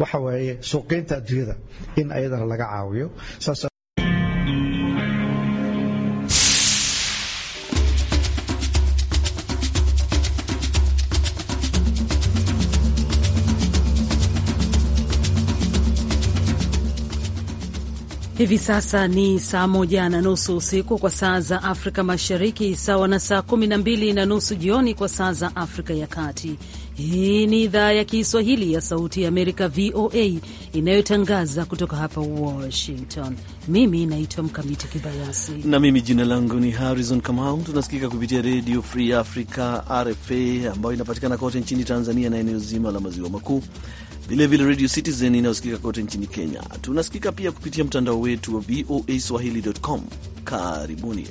waxa weeye suuqgeynta adduunyada in ayadana laga caawiyo saas Hivi sasa ni saa moja na nusu usiku kwa saa za Afrika Mashariki, sawa na saa kumi na mbili na nusu jioni kwa saa za Afrika ya Kati. Hii ni idhaa ya Kiswahili ya Sauti ya Amerika, VOA, inayotangaza kutoka hapa Washington. Mimi naitwa Mkamiti Kibayasi na mimi jina langu ni Harrison Kamau. Tunasikika kupitia Redio Free Africa, RFA, ambayo inapatikana kote nchini Tanzania na eneo zima la maziwa makuu, vilevile Radio Citizen inayosikika kote nchini Kenya. Tunasikika pia kupitia mtandao wetu wa voa swahili.com. Karibuni.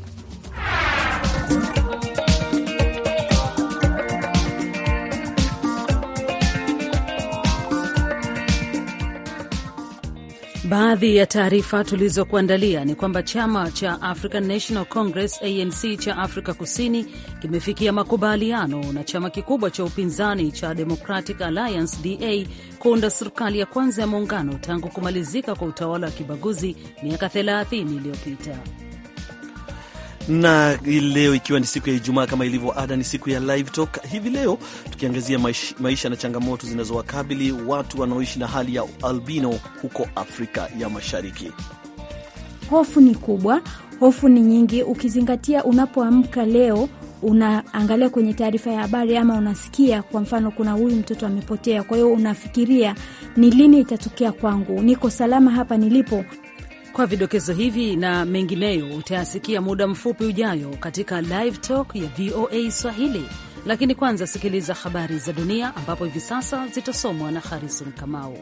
Baadhi ya taarifa tulizokuandalia ni kwamba chama cha African National Congress ANC cha Afrika Kusini kimefikia makubaliano na chama kikubwa cha upinzani cha Democratic Alliance DA kuunda serikali ya kwanza ya muungano tangu kumalizika kwa utawala wa kibaguzi miaka 30 iliyopita na leo ikiwa ni siku ya Ijumaa, kama ilivyo ada, ni siku ya live talk hivi leo, tukiangazia maisha, maisha na changamoto zinazowakabili watu wanaoishi na hali ya albino huko Afrika ya Mashariki. Hofu ni kubwa, hofu ni nyingi, ukizingatia unapoamka leo unaangalia kwenye taarifa ya habari ama unasikia kwa mfano, kuna huyu mtoto amepotea. Kwa hiyo unafikiria ni lini itatokea kwangu, niko salama hapa nilipo? Kwa vidokezo hivi na mengineyo utayasikia muda mfupi ujayo katika Live Talk ya VOA Swahili, lakini kwanza sikiliza habari za dunia, ambapo hivi sasa zitasomwa na harison Kamau.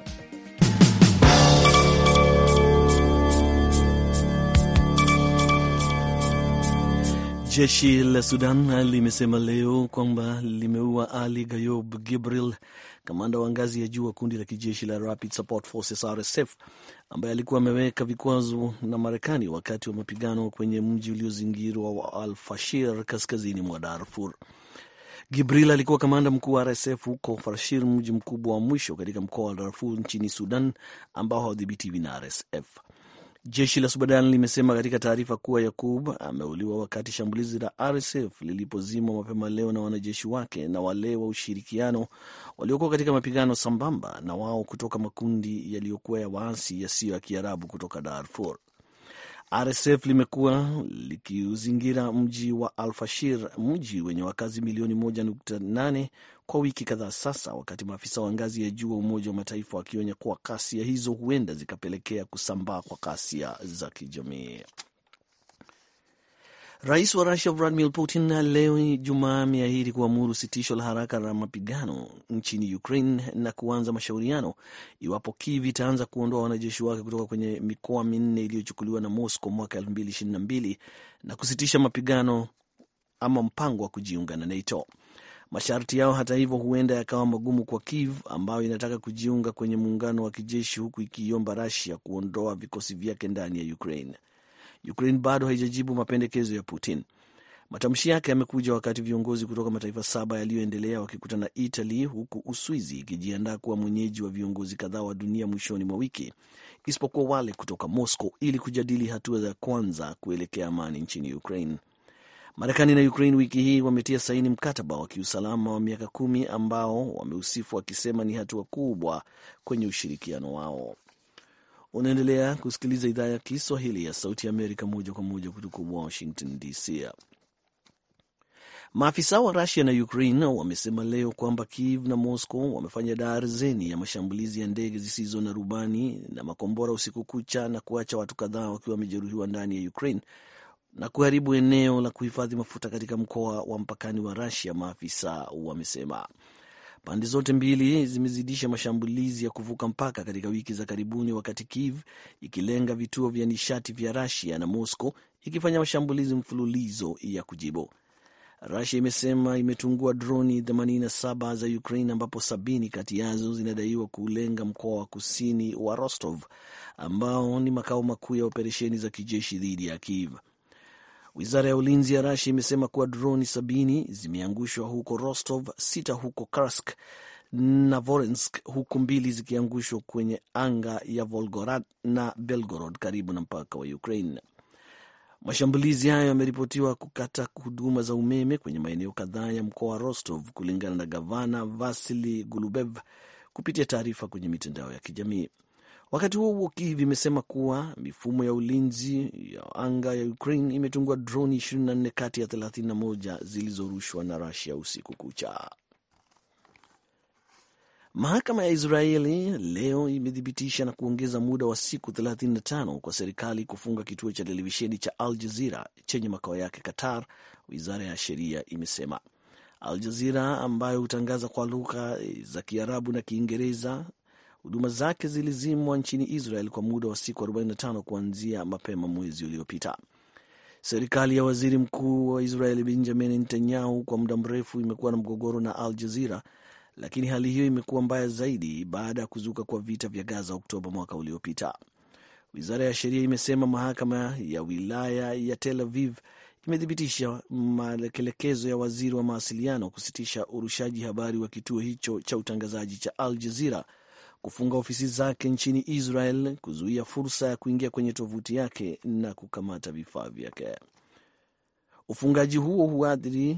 Jeshi la Sudan limesema leo kwamba limeua Ali Gayob Gibril, kamanda wa ngazi ya juu wa kundi la kijeshi la Rapid Support Forces RSF, ambaye alikuwa ameweka vikwazo na Marekani wakati wa mapigano kwenye mji uliozingirwa wa Al Fashir kaskazini mwa Darfur. Gibril alikuwa kamanda mkuu wa RSF huko Farshir, mji mkubwa wa mwisho katika mkoa wa Darfur nchini Sudan ambao haudhibitiwi na RSF. Jeshi la Sudan limesema katika taarifa kuwa Yakub ameuliwa wakati shambulizi la RSF lilipozimwa mapema leo na wanajeshi wake na wale wa ushirikiano waliokuwa katika mapigano sambamba na wao kutoka makundi yaliyokuwa ya waasi yasiyo ya Kiarabu kutoka Darfur. RSF limekuwa likiuzingira mji wa alfashir mji wenye wakazi milioni 1.8 kwa wiki kadhaa sasa, wakati maafisa wa ngazi ya juu wa Umoja wa Mataifa wakionya kuwa kasia hizo huenda zikapelekea kusambaa kwa kasia za kijamii. Rais wa Rusia Vladimir Putin leo Jumaa ameahidi kuamuru sitisho la haraka la mapigano nchini Ukraine na kuanza mashauriano iwapo Kiev itaanza kuondoa wanajeshi wake kutoka kwenye mikoa minne iliyochukuliwa na Moscow mwaka 2022 na kusitisha mapigano ama mpango wa kujiunga na NATO. Masharti yao hata hivyo huenda yakawa magumu kwa Kiev ambayo inataka kujiunga kwenye muungano wa kijeshi huku ikiiomba Rusia kuondoa vikosi vyake ndani ya Ukraine. Ukraine bado haijajibu mapendekezo ya Putin. Matamshi yake yamekuja wakati viongozi kutoka mataifa saba yaliyoendelea wakikutana Italy, huku Uswizi ikijiandaa kuwa mwenyeji wa viongozi kadhaa wa dunia mwishoni mwa wiki, isipokuwa wale kutoka Moscow, ili kujadili hatua za kwanza kuelekea amani nchini Ukraine. Marekani na Ukraine wiki hii wametia saini mkataba wa kiusalama wa miaka kumi ambao wameusifu wakisema ni hatua kubwa kwenye ushirikiano wao. Unaendelea kusikiliza idhaa ya Kiswahili ya Sauti ya Amerika moja kwa moja kutoka Washington DC. Maafisa wa Rusia na Ukraine wamesema leo kwamba Kiev na Moscow wamefanya darzeni ya mashambulizi ya ndege zisizo na rubani na makombora usiku kucha na kuacha watu kadhaa wakiwa wamejeruhiwa ndani ya Ukraine na kuharibu eneo la kuhifadhi mafuta katika mkoa wa mpakani wa Rusia, maafisa wamesema. Pande zote mbili zimezidisha mashambulizi ya kuvuka mpaka katika wiki za karibuni, wakati Kiev ikilenga vituo vya nishati vya rasia na Moscow ikifanya mashambulizi mfululizo ya kujibu. rasia imesema imetungua droni 87 za Ukraine ambapo sabini kati yazo zinadaiwa kulenga mkoa wa kusini wa Rostov ambao ni makao makuu ya operesheni za kijeshi dhidi ya Kiev. Wizara ya ulinzi ya Rasia imesema kuwa droni sabini zimeangushwa huko Rostov, sita huko Kursk na vorensk huku mbili zikiangushwa kwenye anga ya Volgorad na Belgorod karibu na mpaka wa Ukraine. Mashambulizi hayo yameripotiwa kukata huduma za umeme kwenye maeneo kadhaa ya mkoa wa Rostov, kulingana na gavana Vasili gulubev kupitia taarifa kwenye mitandao ya kijamii. Wakati huo huo, Kiev imesema kuwa mifumo ya ulinzi ya anga ya Ukraine imetungua droni 24 kati ya 31 zilizorushwa na Rusia usiku kucha. Mahakama ya Israeli leo imethibitisha na kuongeza muda wa siku 35 kwa serikali kufunga kituo cha televisheni cha Al Jazira chenye makao yake Qatar, wizara ya sheria imesema. Al Jazira ambayo hutangaza kwa lugha za Kiarabu na Kiingereza huduma zake zilizimwa nchini Israel kwa muda wa siku 45 kuanzia mapema mwezi uliopita. Serikali ya waziri mkuu wa Israel Benjamin Netanyahu kwa muda mrefu imekuwa na mgogoro na Al Jazira, lakini hali hiyo imekuwa mbaya zaidi baada ya kuzuka kwa vita vya Gaza Oktoba mwaka uliopita. Wizara ya sheria imesema mahakama ya wilaya ya Tel Aviv imethibitisha maelekezo ya waziri wa mawasiliano kusitisha urushaji habari wa kituo hicho cha utangazaji cha Al Jazira kufunga ofisi zake nchini Israel, kuzuia fursa ya kuingia kwenye tovuti yake na kukamata vifaa vyake. Ufungaji huo huadhiri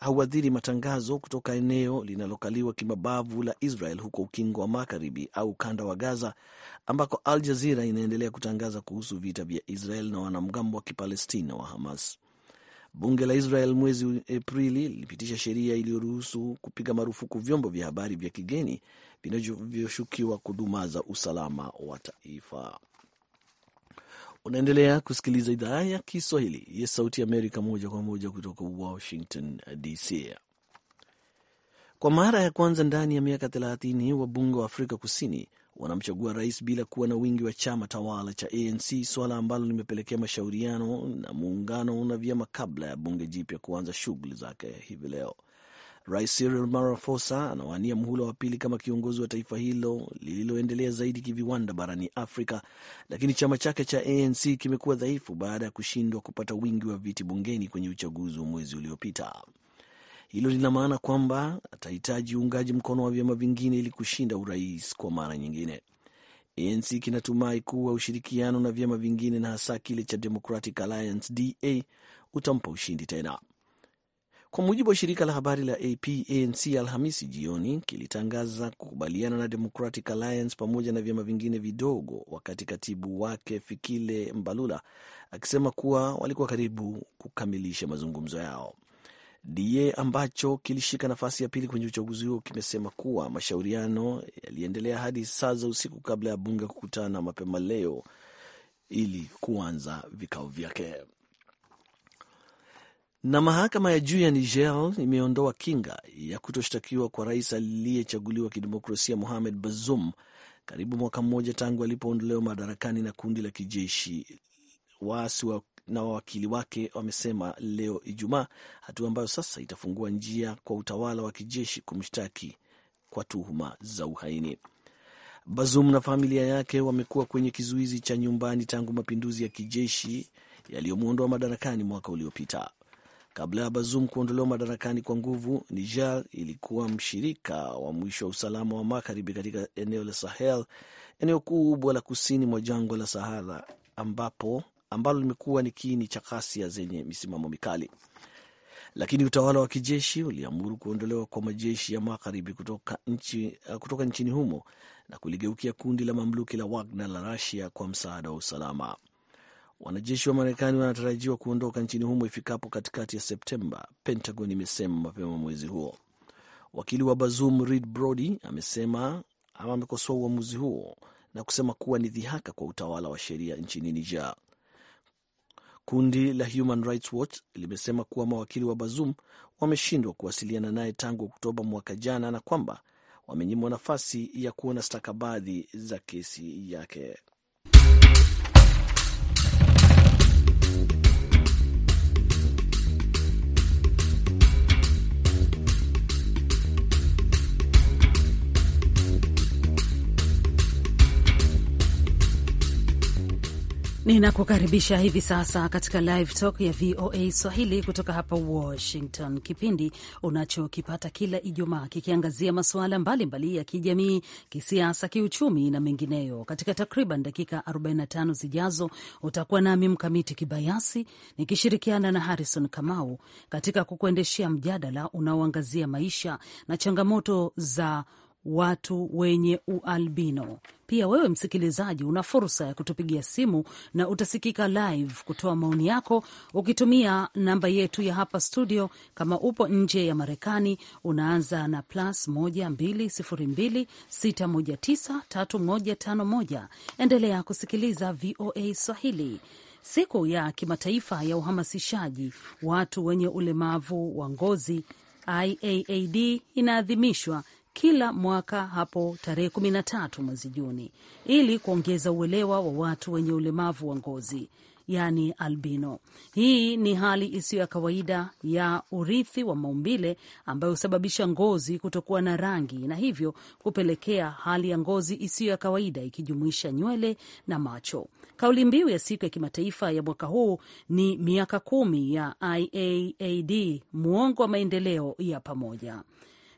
hauadhiri matangazo kutoka eneo linalokaliwa kimabavu la Israel huko ukingo wa magharibi au ukanda wa Gaza, ambako Al Jazira inaendelea kutangaza kuhusu vita vya Israel na wanamgambo wa Kipalestina wa Hamas. Bunge la Israel mwezi Aprili lilipitisha sheria iliyoruhusu kupiga marufuku vyombo vya habari vya kigeni vinavyoshukiwa kudumaza usalama wa taifa. Unaendelea kusikiliza idhaa ya Kiswahili ya Sauti Amerika moja kwa moja kutoka Washington DC. Kwa mara ya kwanza ndani ya miaka 30 wabunge wa Afrika Kusini wanamchagua rais bila kuwa na wingi wa chama tawala cha ANC, suala ambalo limepelekea mashauriano na muungano na vyama kabla ya bunge jipya kuanza shughuli zake hivi leo. Rais Cyril Ramaphosa anawania mhula wa pili kama kiongozi wa taifa hilo lililoendelea zaidi kiviwanda barani Afrika, lakini chama chake cha ANC kimekuwa dhaifu baada ya kushindwa kupata wingi wa viti bungeni kwenye uchaguzi wa mwezi uliopita. Hilo lina maana kwamba atahitaji uungaji mkono wa vyama vingine ili kushinda urais kwa mara nyingine. ANC kinatumai kuwa ushirikiano na vyama vingine na hasa kile cha Democratic Alliance DA utampa ushindi tena. Kwa mujibu wa shirika la habari la AP, ANC Alhamisi jioni kilitangaza kukubaliana na Democratic Alliance pamoja na vyama vingine vidogo, wakati katibu wake Fikile Mbalula akisema kuwa walikuwa karibu kukamilisha mazungumzo yao. DA ambacho kilishika nafasi ya pili kwenye uchaguzi huo kimesema kuwa mashauriano yaliendelea hadi saa za usiku kabla ya bunge kukutana mapema leo ili kuanza vikao vyake. Na mahakama ya juu ya Niger imeondoa kinga ya kutoshtakiwa kwa rais aliyechaguliwa kidemokrasia Mohamed Bazoum karibu mwaka mmoja tangu alipoondolewa madarakani na kundi la kijeshi. Waasi wa na wawakili wake wamesema leo Ijumaa, hatua ambayo sasa itafungua njia kwa utawala wa kijeshi kumshtaki kwa tuhuma za uhaini. Bazoum na familia yake wamekuwa kwenye kizuizi cha nyumbani tangu mapinduzi ya kijeshi yaliyomwondoa madarakani mwaka uliopita. Kabla ya Bazoum kuondolewa madarakani kwa nguvu, Niger ilikuwa mshirika wa mwisho wa usalama wa magharibi katika eneo la Sahel, eneo kubwa la kusini mwa jangwa la Sahara ambapo ambalo limekuwa ni kiini cha ghasia zenye misimamo mikali, lakini utawala wa kijeshi uliamuru kuondolewa kwa majeshi ya magharibi kutoka, nchi, kutoka nchini humo na kuligeukia kundi la mamluki la Wagner la Russia kwa msaada wa usalama. Wanajeshi wa Marekani wanatarajiwa kuondoka nchini humo ifikapo katikati ya Septemba, Pentagon imesema mapema mwezi huo. Wakili wa Bazoum Reed Brody amesema ama amekosoa uamuzi huo na kusema kuwa ni dhihaka kwa utawala wa sheria nchini Niger. Kundi la Human Rights Watch limesema kuwa mawakili wa Bazoum wameshindwa kuwasiliana naye tangu Oktoba mwaka jana na kwamba wamenyimwa nafasi ya kuona stakabadhi za kesi yake. Ninakukaribisha hivi sasa katika live talk ya VOA Swahili kutoka hapa Washington, kipindi unachokipata kila Ijumaa kikiangazia masuala mbalimbali ya kijamii, kisiasa, kiuchumi na mengineyo. Katika takriban dakika 45 zijazo utakuwa nami Mkamiti Kibayasi nikishirikiana na Harrison Kamau katika kukuendeshea mjadala unaoangazia maisha na changamoto za watu wenye ualbino. Pia wewe msikilizaji, una fursa ya kutupigia simu na utasikika live kutoa maoni yako ukitumia namba yetu ya hapa studio. Kama upo nje ya Marekani, unaanza na plus 12026193151. Endelea kusikiliza VOA Swahili. Siku ya kimataifa ya uhamasishaji watu wenye ulemavu wa ngozi IAAD inaadhimishwa kila mwaka hapo tarehe kumi na tatu mwezi Juni ili kuongeza uelewa wa watu wenye ulemavu wa ngozi yaani albino. Hii ni hali isiyo ya kawaida ya urithi wa maumbile ambayo husababisha ngozi kutokuwa na rangi na hivyo kupelekea hali ya ngozi isiyo ya kawaida ikijumuisha nywele na macho. Kauli mbiu ya siku ya kimataifa ya mwaka huu ni miaka kumi ya IAAD, muongo wa maendeleo ya pamoja.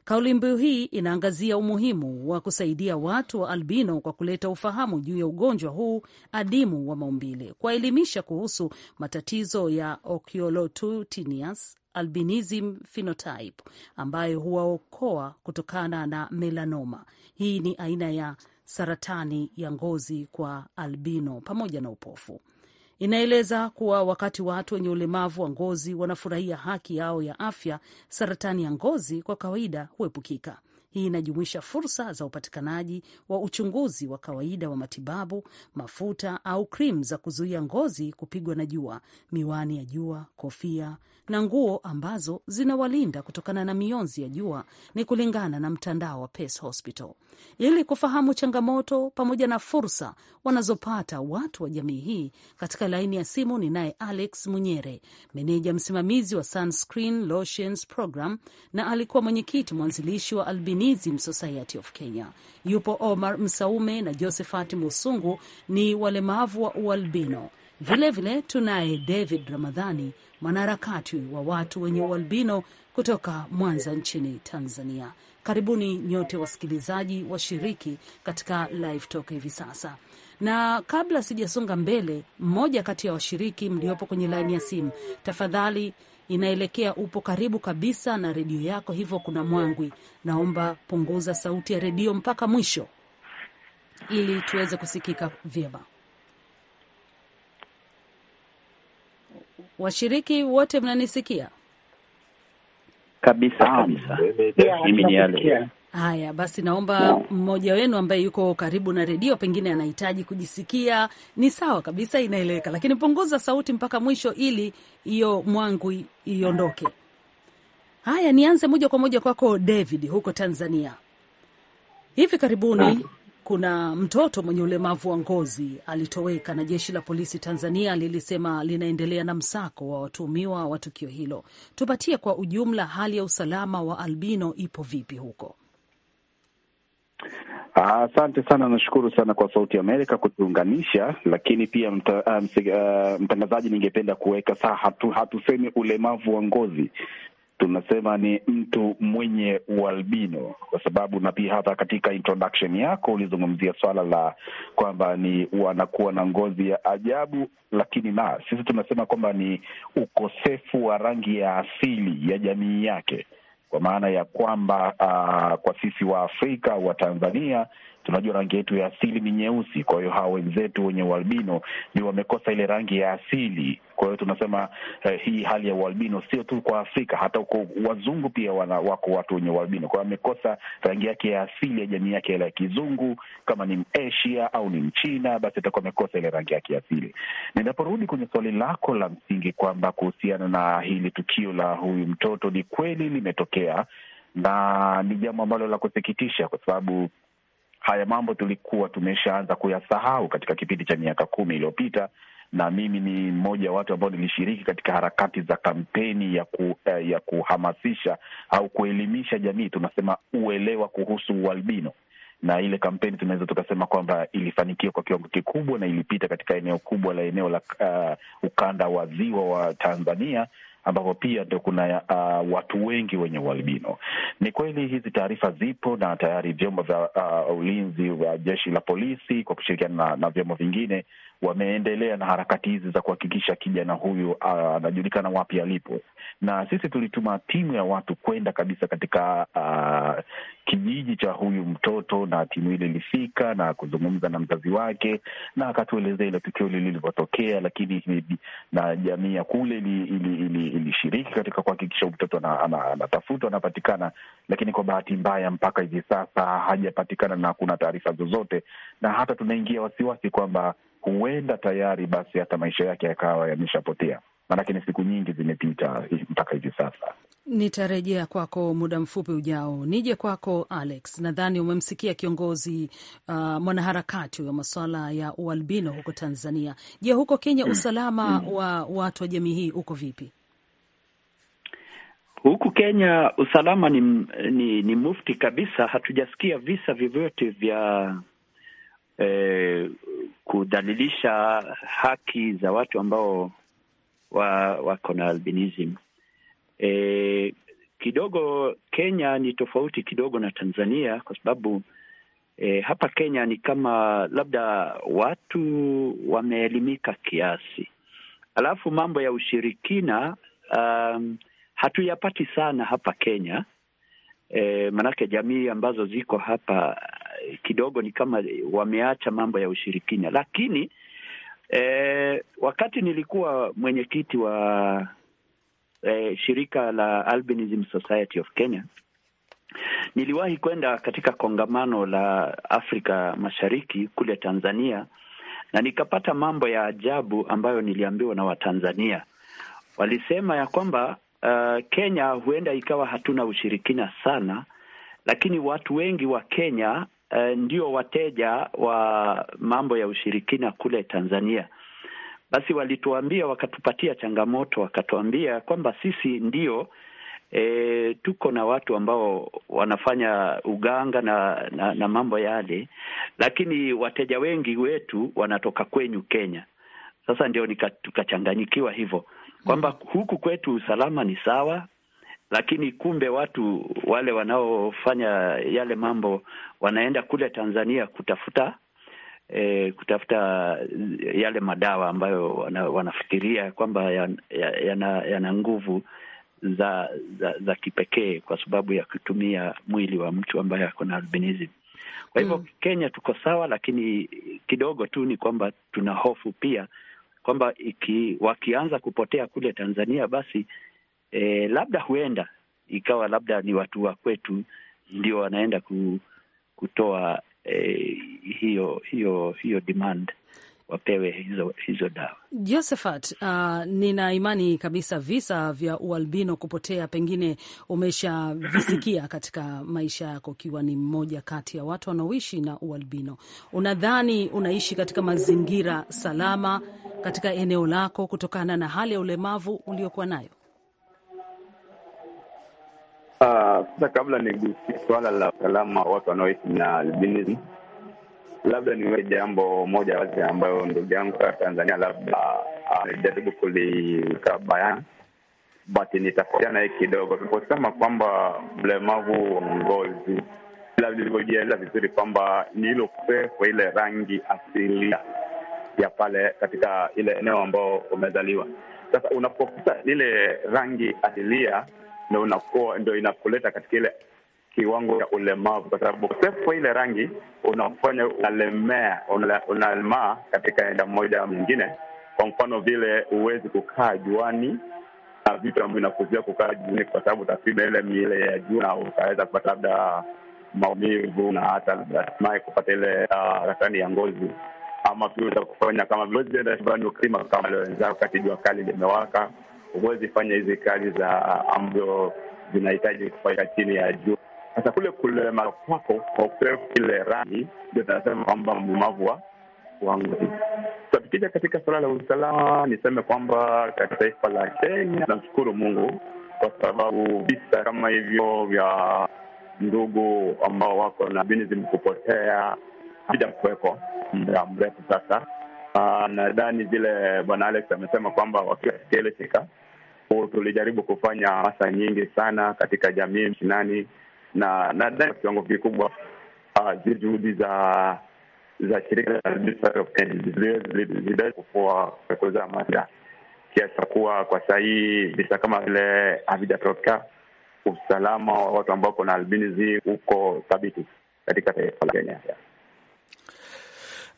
Kauli mbiu hii inaangazia umuhimu wa kusaidia watu wa albino kwa kuleta ufahamu juu ya ugonjwa huu adimu wa maumbile, kuwaelimisha kuhusu matatizo ya oculocutaneous albinism phenotype ambayo huwaokoa kutokana na melanoma. Hii ni aina ya saratani ya ngozi kwa albino pamoja na upofu. Inaeleza kuwa wakati watu wenye ulemavu wa ngozi wanafurahia haki yao ya afya, saratani ya ngozi kwa kawaida huepukika. Hii inajumuisha fursa za upatikanaji wa uchunguzi wa kawaida wa matibabu, mafuta au krim za kuzuia ngozi kupigwa na jua, miwani ya jua, kofia na nguo ambazo zinawalinda kutokana na mionzi ya jua, ni kulingana na mtandao wa Pace Hospital. Ili kufahamu changamoto pamoja na fursa wanazopata watu wa jamii hii, katika laini ya simu ninaye Alex Munyere, meneja msimamizi wa Sunscreen Lotions Program na alikuwa mwenyekiti mwanzilishi wa Albin Feminism Society of Kenya. Yupo Omar Msaume na Josephat Musungu ni walemavu wa ualbino. Vilevile tunaye David Ramadhani, mwanaharakati wa watu wenye ualbino kutoka Mwanza nchini Tanzania. Karibuni nyote wasikilizaji washiriki katika live talk hivi sasa, na kabla sijasonga mbele, mmoja kati ya washiriki mliopo kwenye laini ya simu, tafadhali inaelekea upo karibu kabisa na redio yako, hivyo kuna mwangwi. Naomba punguza sauti ya redio mpaka mwisho ili tuweze kusikika vyema. Washiriki wote mnanisikia kabisa kabisa? Mimi ni yale Haya basi, naomba mmoja wenu ambaye yuko karibu na redio, pengine anahitaji kujisikia, ni sawa kabisa, inaeleweka, lakini punguza sauti mpaka mwisho ili hiyo mwangu iondoke. Haya, nianze moja kwa moja kwako David, huko Tanzania. Hivi karibuni kuna mtoto mwenye ulemavu wa ngozi alitoweka, na jeshi la polisi Tanzania lilisema linaendelea na msako wa watuhumiwa wa tukio hilo. Tupatie kwa ujumla hali ya usalama wa albino ipo vipi huko? Asante sana. Nashukuru sana kwa Sauti ya Amerika kutuunganisha, lakini pia mta, uh, uh, mtangazaji, ningependa kuweka saa hatu, hatusemi ulemavu wa ngozi tunasema ni mtu mwenye ualbino, kwa sababu na pia hata katika introduction yako ulizungumzia swala la kwamba ni wanakuwa na ngozi ya ajabu, lakini na sisi tunasema kwamba ni ukosefu wa rangi ya asili ya jamii yake kwa maana ya kwamba uh, kwa sisi wa afrika wa Tanzania Tunajua rangi yetu ya asili ni nyeusi, kwa hiyo hawa wenzetu wenye ualbino ndio wamekosa ile rangi ya asili. Kwa hiyo tunasema eh, hii hali ya ualbino sio tu kwa Afrika, hata uko wazungu pia wana, wako watu wenye ualbino. Kwa hiyo amekosa rangi yake ya asili ya jamii yake ile ya kizungu. Kama ni Masia au ni Mchina, basi atakuwa amekosa ile rangi yake ya asili. Ninaporudi kwenye swali lako la msingi kwamba kuhusiana na hili tukio la huyu mtoto, ni kweli limetokea na ni jambo ambalo la kusikitisha kwa sababu haya mambo tulikuwa tumeshaanza kuyasahau katika kipindi cha miaka kumi iliyopita na mimi ni mmoja wa watu ambao nilishiriki katika harakati za kampeni ya ku, eh, ya kuhamasisha au kuelimisha jamii, tunasema uelewa kuhusu ualbino, na ile kampeni tunaweza tukasema kwamba ilifanikiwa kwa kiwango kikubwa na ilipita katika eneo kubwa la eneo la uh, ukanda wa ziwa wa Tanzania ambapo pia ndo kuna uh, watu wengi wenye ualbino. Ni kweli hizi taarifa zipo na tayari vyombo vya uh, ulinzi wa jeshi la polisi kwa kushirikiana na, na vyombo vingine wameendelea na harakati hizi za kuhakikisha kijana huyu ah, anajulikana wapi alipo, na sisi tulituma timu ya watu kwenda kabisa katika uh, kijiji cha huyu mtoto, na timu ile ilifika na kuzungumza na mzazi wake, na akatuelezea ile tukio lilivyotokea, lakini na jamii ya kule ilishiriki ili, ili, ili katika kuhakikisha mtoto anatafutwa, anapatikana, lakini kwa bahati mbaya mpaka hivi sasa hajapatikana na hakuna taarifa zozote, na hata tunaingia wasiwasi kwamba huenda tayari basi hata maisha yake yakawa yameshapotea, maanake ni siku nyingi zimepita mpaka hivi sasa. Nitarejea kwako muda mfupi ujao. Nije kwako Alex, nadhani umemsikia kiongozi uh, mwanaharakati wa masuala ya ualbino huko Tanzania. Je, huko Kenya hmm. usalama mm, wa watu wa jamii hii uko vipi? Huku Kenya usalama ni, ni, ni mufti kabisa. Hatujasikia visa vyovyote vya eh, kudhalilisha haki za watu ambao wako na albinism. Eh, kidogo Kenya ni tofauti kidogo na Tanzania kwa sababu eh, hapa Kenya ni kama labda watu wameelimika kiasi, alafu mambo ya ushirikina um, hatuyapati sana hapa Kenya. E, manake jamii ambazo ziko hapa kidogo ni kama wameacha mambo ya ushirikina, lakini eh, wakati nilikuwa mwenyekiti wa eh, shirika la Albinism Society of Kenya niliwahi kwenda katika kongamano la Afrika Mashariki kule Tanzania na nikapata mambo ya ajabu ambayo niliambiwa na Watanzania. Walisema ya kwamba uh, Kenya huenda ikawa hatuna ushirikina sana, lakini watu wengi wa Kenya Eh, ndio wateja wa mambo ya ushirikina kule Tanzania. Basi walituambia wakatupatia changamoto, wakatuambia kwamba sisi ndio E, tuko na watu ambao wanafanya uganga na, na, na mambo yale, lakini wateja wengi wetu wanatoka kwenyu Kenya. Sasa ndio tukachanganyikiwa hivyo kwamba huku kwetu usalama ni sawa, lakini kumbe watu wale wanaofanya yale mambo wanaenda kule Tanzania kutafuta E, kutafuta yale madawa ambayo wana, wanafikiria kwamba yana ya, ya ya nguvu za za, za kipekee kwa sababu ya kutumia mwili wa mtu ambaye ako na albinism. Kwa hivyo mm, Kenya tuko sawa, lakini kidogo tu ni kwamba tuna hofu pia kwamba iki- wakianza kupotea kule Tanzania, basi e, labda huenda ikawa labda ni watu wa kwetu ndio wanaenda ku, kutoa e, hiyo hiyo hiyo demand wapewe hizo, hizo dawa. Josephat, uh, nina imani kabisa visa vya ualbino kupotea pengine umeshavisikia katika maisha yako, ukiwa ni mmoja kati ya watu wanaoishi na ualbino. Unadhani unaishi katika mazingira salama katika eneo lako kutokana na hali ya ulemavu uliokuwa nayo? Ah, sasa uh, kabla nigusie suala la usalama wa watu wanaoishi na albinism, labda niwe jambo moja wazi ambayo ndugu yangu ka Tanzania labda amejaribu ah, uh, kuliweka bayana, but naye kidogo. Tunaposema kwamba mlemavu wa ngozi, ila vilivyojieleza vizuri kwamba ni ilo kwa ile rangi asilia ya pale katika ile eneo ambao umezaliwa. Sasa unapokuta ile rangi asilia ndo unakuwa ndo inakuleta katika ile kiwango cha ulemavu, kwa sababu ukosefu wa ile rangi unafanya unalemea, unalemaa katika enda moja mwingine. Kwa mfano vile huwezi kukaa juani na vitu ambavyo inakuzia kukaa juani, kwa sababu utapima ile miele ya juu na utaweza kupata labda maumivu na hata hatimaye kupata ile saratani ah, ya ngozi ama pia utakufanya kama vile ukienda shambani ukalima kama leo wenzao, wakati jua kali limewaka huwezi fanya hizi kazi za ambazo zinahitaji kufanyika chini ya jua. Sasa kule kulema kwako kwa kupea ile rangi, ndio tunasema kwamba mlemavu wa wangozi tukija katika suala la usalama, niseme kwamba katika taifa la Kenya namshukuru Mungu kwa sababu visa kama hivyo vya ndugu ambao wako na binadamu kupotea haja kuwekwa muda mrefu sasa. Uh, nadhani vile Bwana Alex amesema kwamba wakiwa katika ile shirika tulijaribu kufanya hasa nyingi sana katika jamii mshinani, na nadhani kiwango kikubwa ah, zi juhudi za za shirika kufua kiasi cha kuwa kwa sahii visa kama vile havijatokea. Usalama wa watu ambao kuna albinizi uko thabiti katika taifa la Kenya.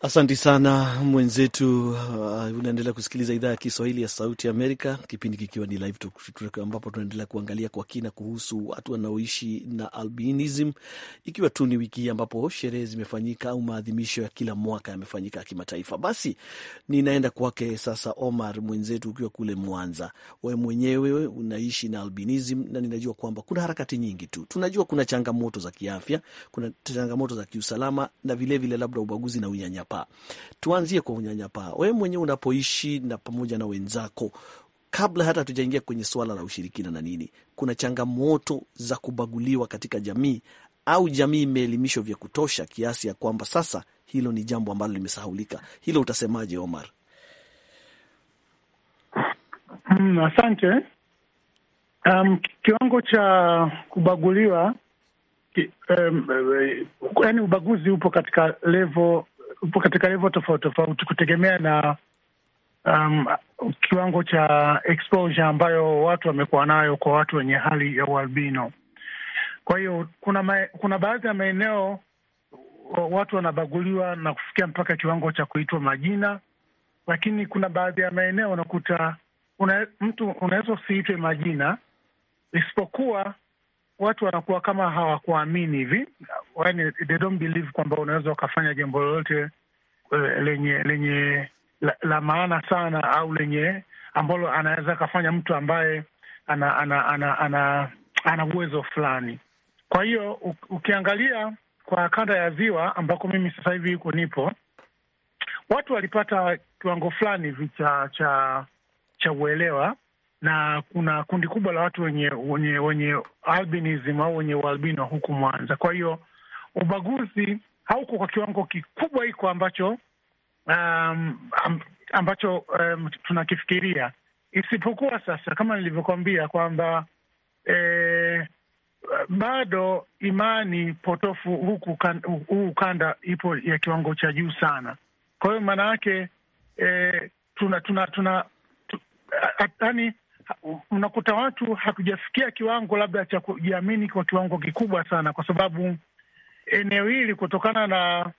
Asante sana mwenzetu. Uh, unaendelea kusikiliza idhaa ya Kiswahili ya Sauti Amerika, kipindi kikiwa ni Live Talk ambapo tunaendelea kuangalia kwa kina kuhusu watu wanaoishi na albinism, ikiwa tu ni wiki hii ambapo sherehe zimefanyika au maadhimisho ya kila mwaka yamefanyika kimataifa. Basi ninaenda kwake sasa, Omar mwenzetu, ukiwa kule Mwanza, we mwenyewe unaishi na albinism na ninajua kwamba kuna harakati nyingi tu. Tunajua kuna changamoto za kiafya, kuna changamoto za kiusalama na vilevile labda ubaguzi na unyanyapa unyanyapaa. Tuanzie kwa unyanyapaa, wewe mwenyewe unapoishi na pamoja na wenzako, kabla hata hatujaingia kwenye suala la ushirikina na nini, kuna changamoto za kubaguliwa katika jamii au jamii imeelimishwa vya kutosha kiasi ya kwamba sasa hilo ni jambo ambalo limesahaulika? Hilo utasemaje, Omar? Mm, asante. Um, kiwango cha kubaguliwa, yaani um, eh, ubaguzi upo katika levo upo katika levo tofauti tofauti kutegemea na um, kiwango cha exposure ambayo watu wamekuwa nayo kwa watu wenye hali ya ualbino. Kwa hiyo kuna kuna baadhi ya maeneo watu wanabaguliwa na kufikia mpaka kiwango cha kuitwa majina, lakini kuna baadhi ya maeneo unakuta una, mtu unaweza usiitwe majina isipokuwa watu wanakuwa kama hawakuamini hivi, yani they don't believe kwamba unaweza ukafanya jambo lolote eh, lenye lenye la, la maana sana au lenye ambalo anaweza akafanya mtu ambaye ana ana ana ana, ana uwezo fulani. Kwa hiyo ukiangalia kwa kanda ya Ziwa ambako mimi sasa hivi huko nipo, watu walipata kiwango fulani hivi cha cha cha uelewa na kuna kundi kubwa la watu wenye wenye wenye albinism au wenye ualbino huku Mwanza. Kwa hiyo ubaguzi hauko kwa kiwango kikubwa hiko ambacho um, ambacho um, tunakifikiria, isipokuwa sasa, kama nilivyokuambia kwamba eh, bado imani potofu huku huu ukanda ipo ya kiwango cha juu sana. Kwa hiyo maana yake eh, tuna tuna tuna yaani unakuta watu hatujafikia kiwango labda cha kujiamini kwa kiwango kikubwa sana, kwa sababu eneo hili kutokana na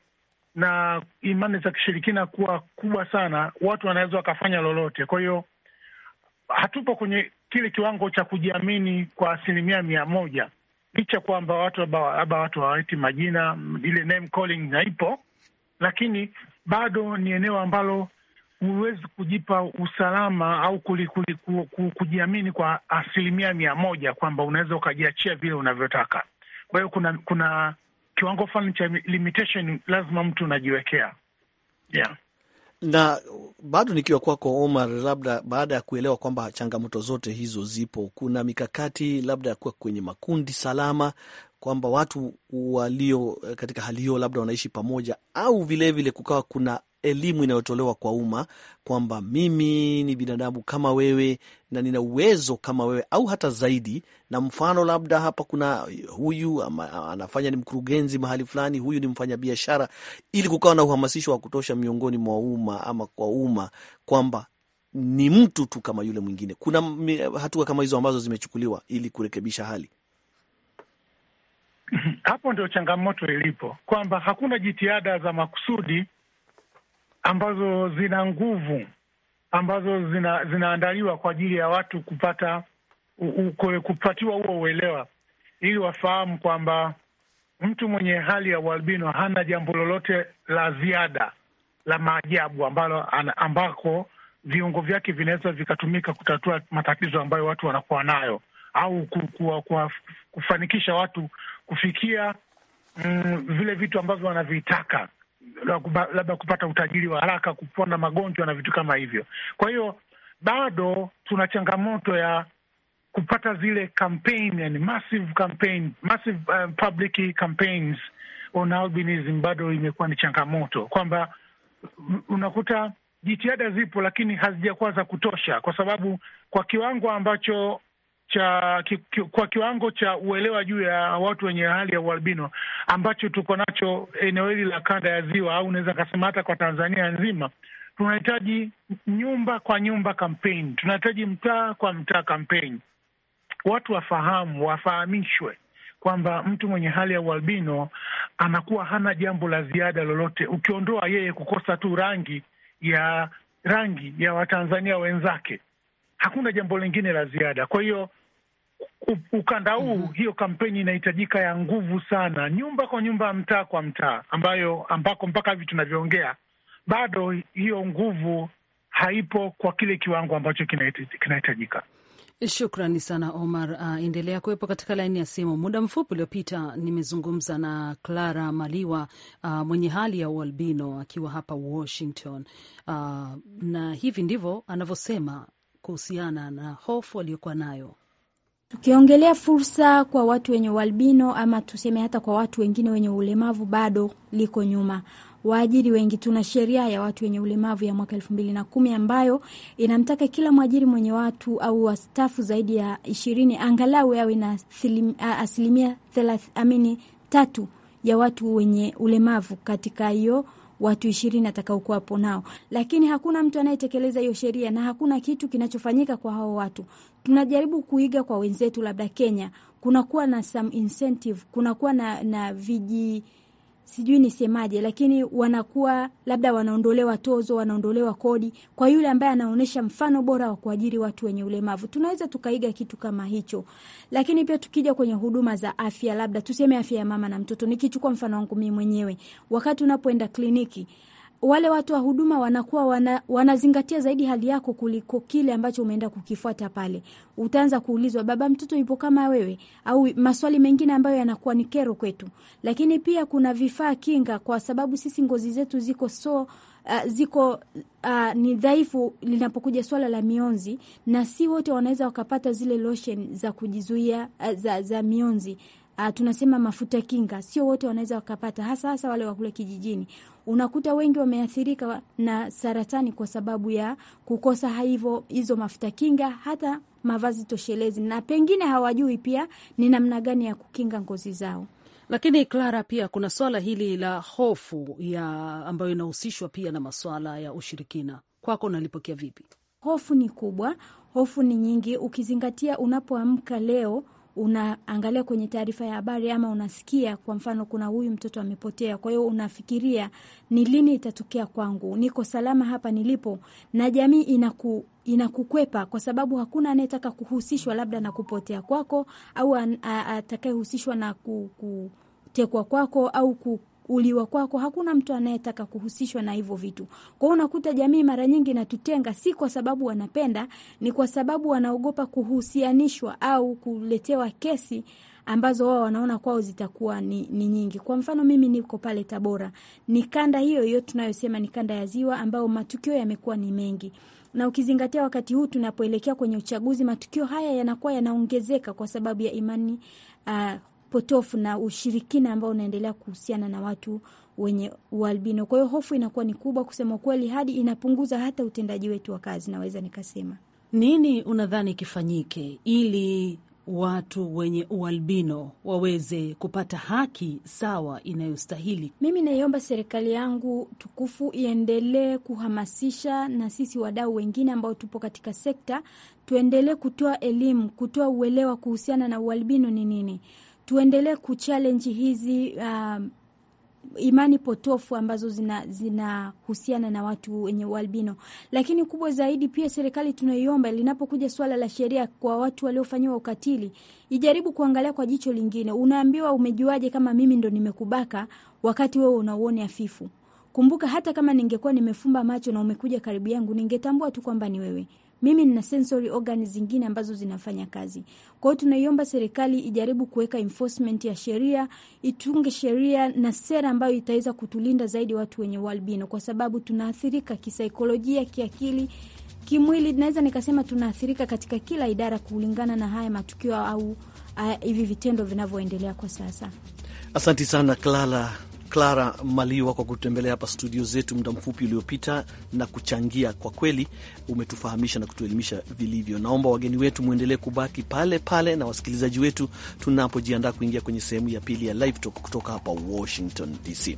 na imani za kishirikina kuwa kubwa sana, watu wanaweza wakafanya lolote. Kwa hiyo hatupo kwenye kile kiwango cha kujiamini kwa asilimia mia moja, licha kwamba watu labda watu hawaiti majina, ile name calling na ipo, lakini bado ni eneo ambalo huwezi kujipa usalama au kulikuli, kujiamini kwa asilimia mia moja kwamba unaweza ukajiachia vile unavyotaka. Kwa hiyo kuna kuna kiwango fulani cha limitation lazima mtu unajiwekea, yeah. Na bado nikiwa kwako Omar, labda baada ya kuelewa kwamba changamoto zote hizo zipo, kuna mikakati labda ya kuwa kwenye makundi salama kwamba watu walio eh, katika hali hiyo labda wanaishi pamoja, au vilevile kukawa kuna elimu inayotolewa kwa umma kwamba mimi ni binadamu kama wewe na nina uwezo kama wewe au hata zaidi. Na mfano labda hapa kuna huyu ama, anafanya ni mkurugenzi mahali fulani, huyu ni mfanyabiashara, ili kukawa na uhamasisho wa kutosha miongoni mwa umma ama kwa umma kwamba ni mtu tu kama yule mwingine. Kuna hatua kama hizo ambazo zimechukuliwa ili kurekebisha hali hapo ndio changamoto ilipo, kwamba hakuna jitihada za makusudi ambazo zina nguvu ambazo zina, zinaandaliwa kwa ajili ya watu kupata kupatiwa huo uelewa, ili wafahamu kwamba mtu mwenye hali ya ualbino hana jambo lolote la ziada la maajabu ambalo ambako viungo vyake vinaweza vikatumika kutatua matatizo ambayo watu wanakuwa nayo au kukua, kwa, kufanikisha watu kufikia mm, vile vitu ambavyo wanavitaka labda kupata utajiri wa haraka, kupona magonjwa na vitu kama hivyo. Kwa hiyo bado tuna changamoto ya kupata zile campaign, yani massive campaign, massive uh, public campaigns on albinism bado imekuwa ni changamoto, kwamba unakuta jitihada zipo lakini hazijakuwa za kutosha, kwa sababu kwa kiwango ambacho cha ki, ki, kwa kiwango cha uelewa juu ya watu wenye hali ya ualbino ambacho tuko nacho eneo hili la kanda ya Ziwa, au unaweza kasema hata kwa Tanzania nzima. Tunahitaji nyumba kwa nyumba campaign, tunahitaji mtaa kwa mtaa campaign, Watu wafahamu, wafahamishwe kwamba mtu mwenye hali ya ualbino anakuwa hana jambo la ziada lolote, ukiondoa yeye kukosa tu rangi ya rangi ya Watanzania wenzake, hakuna jambo lingine la ziada. Kwa hiyo ukanda huu mm -hmm. Hiyo kampeni inahitajika ya nguvu sana, nyumba kwa nyumba, mtaa kwa mtaa, ambayo ambako mpaka hivi tunavyoongea bado hiyo nguvu haipo kwa kile kiwango ambacho kinahitajika. Shukrani sana Omar. Uh, endelea kuwepo katika laini ya simu. Muda mfupi uliopita nimezungumza na Clara Maliwa, uh, mwenye hali ya ualbino akiwa hapa Washington, uh, na hivi ndivyo anavyosema kuhusiana na hofu aliyokuwa nayo Tukiongelea fursa kwa watu wenye ualbino ama tuseme hata kwa watu wengine wenye ulemavu bado liko nyuma. Waajiri wengi, tuna sheria ya watu wenye ulemavu ya mwaka elfu mbili na kumi ambayo inamtaka kila mwajiri mwenye watu au wastafu zaidi ya ishirini angalau yawe na asilimia thelathini tatu ya watu wenye ulemavu katika hiyo watu ishirini atakaokuwapo nao, lakini hakuna mtu anayetekeleza hiyo sheria na hakuna kitu kinachofanyika kwa hao watu. Tunajaribu kuiga kwa wenzetu, labda Kenya kunakuwa na some incentive, kunakuwa na, na viji sijui nisemaje, lakini wanakuwa labda wanaondolewa tozo, wanaondolewa kodi kwa yule ambaye anaonyesha mfano bora wa kuajiri watu wenye ulemavu. Tunaweza tukaiga kitu kama hicho, lakini pia tukija kwenye huduma za afya, labda tuseme afya ya mama na mtoto, nikichukua mfano wangu mimi mwenyewe, wakati unapoenda kliniki wale watu wa huduma wanakuwa wana, wanazingatia zaidi hali yako kuliko kile ambacho umeenda kukifuata pale. Utaanza kuulizwa baba mtoto yupo kama wewe, au maswali mengine ambayo yanakuwa ni kero kwetu. Lakini pia kuna vifaa kinga, kwa sababu sisi ngozi zetu ziko so Uh, ziko uh, ni dhaifu linapokuja swala la mionzi, na si wote wanaweza wakapata zile lotion za kujizuia uh, za, za mionzi uh, tunasema mafuta kinga, sio wote wanaweza wakapata, hasa hasa wale wa kule kijijini. Unakuta wengi wameathirika na saratani kwa sababu ya kukosa hivyo hizo mafuta kinga, hata mavazi toshelezi, na pengine hawajui pia ni namna gani ya kukinga ngozi zao. Lakini Clara, pia kuna swala hili la hofu ya ambayo inahusishwa pia na maswala ya ushirikina. Kwako unalipokea vipi? Hofu ni kubwa, hofu ni nyingi, ukizingatia unapoamka leo unaangalia kwenye taarifa ya habari ama unasikia kwa mfano kuna huyu mtoto amepotea, kwa hiyo unafikiria ni lini itatokea kwangu, niko salama hapa nilipo, na jamii inaku inakukwepa kwa sababu hakuna anayetaka kuhusishwa labda na kupotea kwako au atakayehusishwa na kutekwa kwako au uliwa kwako, hakuna mtu anayetaka kuhusishwa na hivyo vitu. Kwa hiyo unakuta jamii mara nyingi inatutenga, si kwa sababu wanapenda, ni kwa sababu wanaogopa kuhusianishwa au kuletewa kesi ambazo wao wanaona kwao zitakuwa ni, ni nyingi. Kwa mfano mimi niko pale Tabora, ni kanda hiyo hiyo tunayosema ni kanda ya Ziwa, ambayo matukio yamekuwa ni mengi na ukizingatia wakati huu tunapoelekea kwenye uchaguzi, matukio haya yanakuwa yanaongezeka kwa sababu ya imani uh, potofu na ushirikina ambao unaendelea kuhusiana na watu wenye ualbino. Kwa hiyo hofu inakuwa ni kubwa kusema kweli, hadi inapunguza hata utendaji wetu wa kazi, naweza nikasema. Nini unadhani kifanyike ili watu wenye ualbino waweze kupata haki sawa inayostahili. Mimi naiomba serikali yangu tukufu iendelee kuhamasisha, na sisi wadau wengine ambao tupo katika sekta tuendelee kutoa elimu, kutoa uelewa kuhusiana na ualbino ni nini tuendelee kuchallenji hizi um, imani potofu ambazo zinahusiana zina na watu wenye ualbino. Lakini kubwa zaidi pia, serikali tunaiomba linapokuja swala la sheria kwa watu waliofanyiwa ukatili, ijaribu kuangalia kwa jicho lingine. Unaambiwa, umejuaje kama mimi ndo nimekubaka wakati wewe unauone hafifu? Kumbuka, hata kama ningekuwa nimefumba macho na umekuja karibu yangu, ningetambua tu kwamba ni wewe mimi nina sensory organs zingine ambazo zinafanya kazi. Kwa hiyo tunaiomba serikali ijaribu kuweka enforcement ya sheria, itunge sheria na sera ambayo itaweza kutulinda zaidi watu wenye ualbino, kwa sababu tunaathirika kisaikolojia, kiakili kimwili naweza nikasema tunaathirika katika kila idara kulingana na haya matukio au uh, hivi vitendo vinavyoendelea kwa sasa. Asanti sana Clara Clara Maliwa kwa kutembelea hapa studio zetu muda mfupi uliopita na kuchangia. Kwa kweli umetufahamisha na kutuelimisha vilivyo. Naomba wageni wetu mwendelee kubaki pale pale na wasikilizaji wetu tunapojiandaa kuingia kwenye sehemu ya pili ya Live Talk kutoka hapa Washington DC.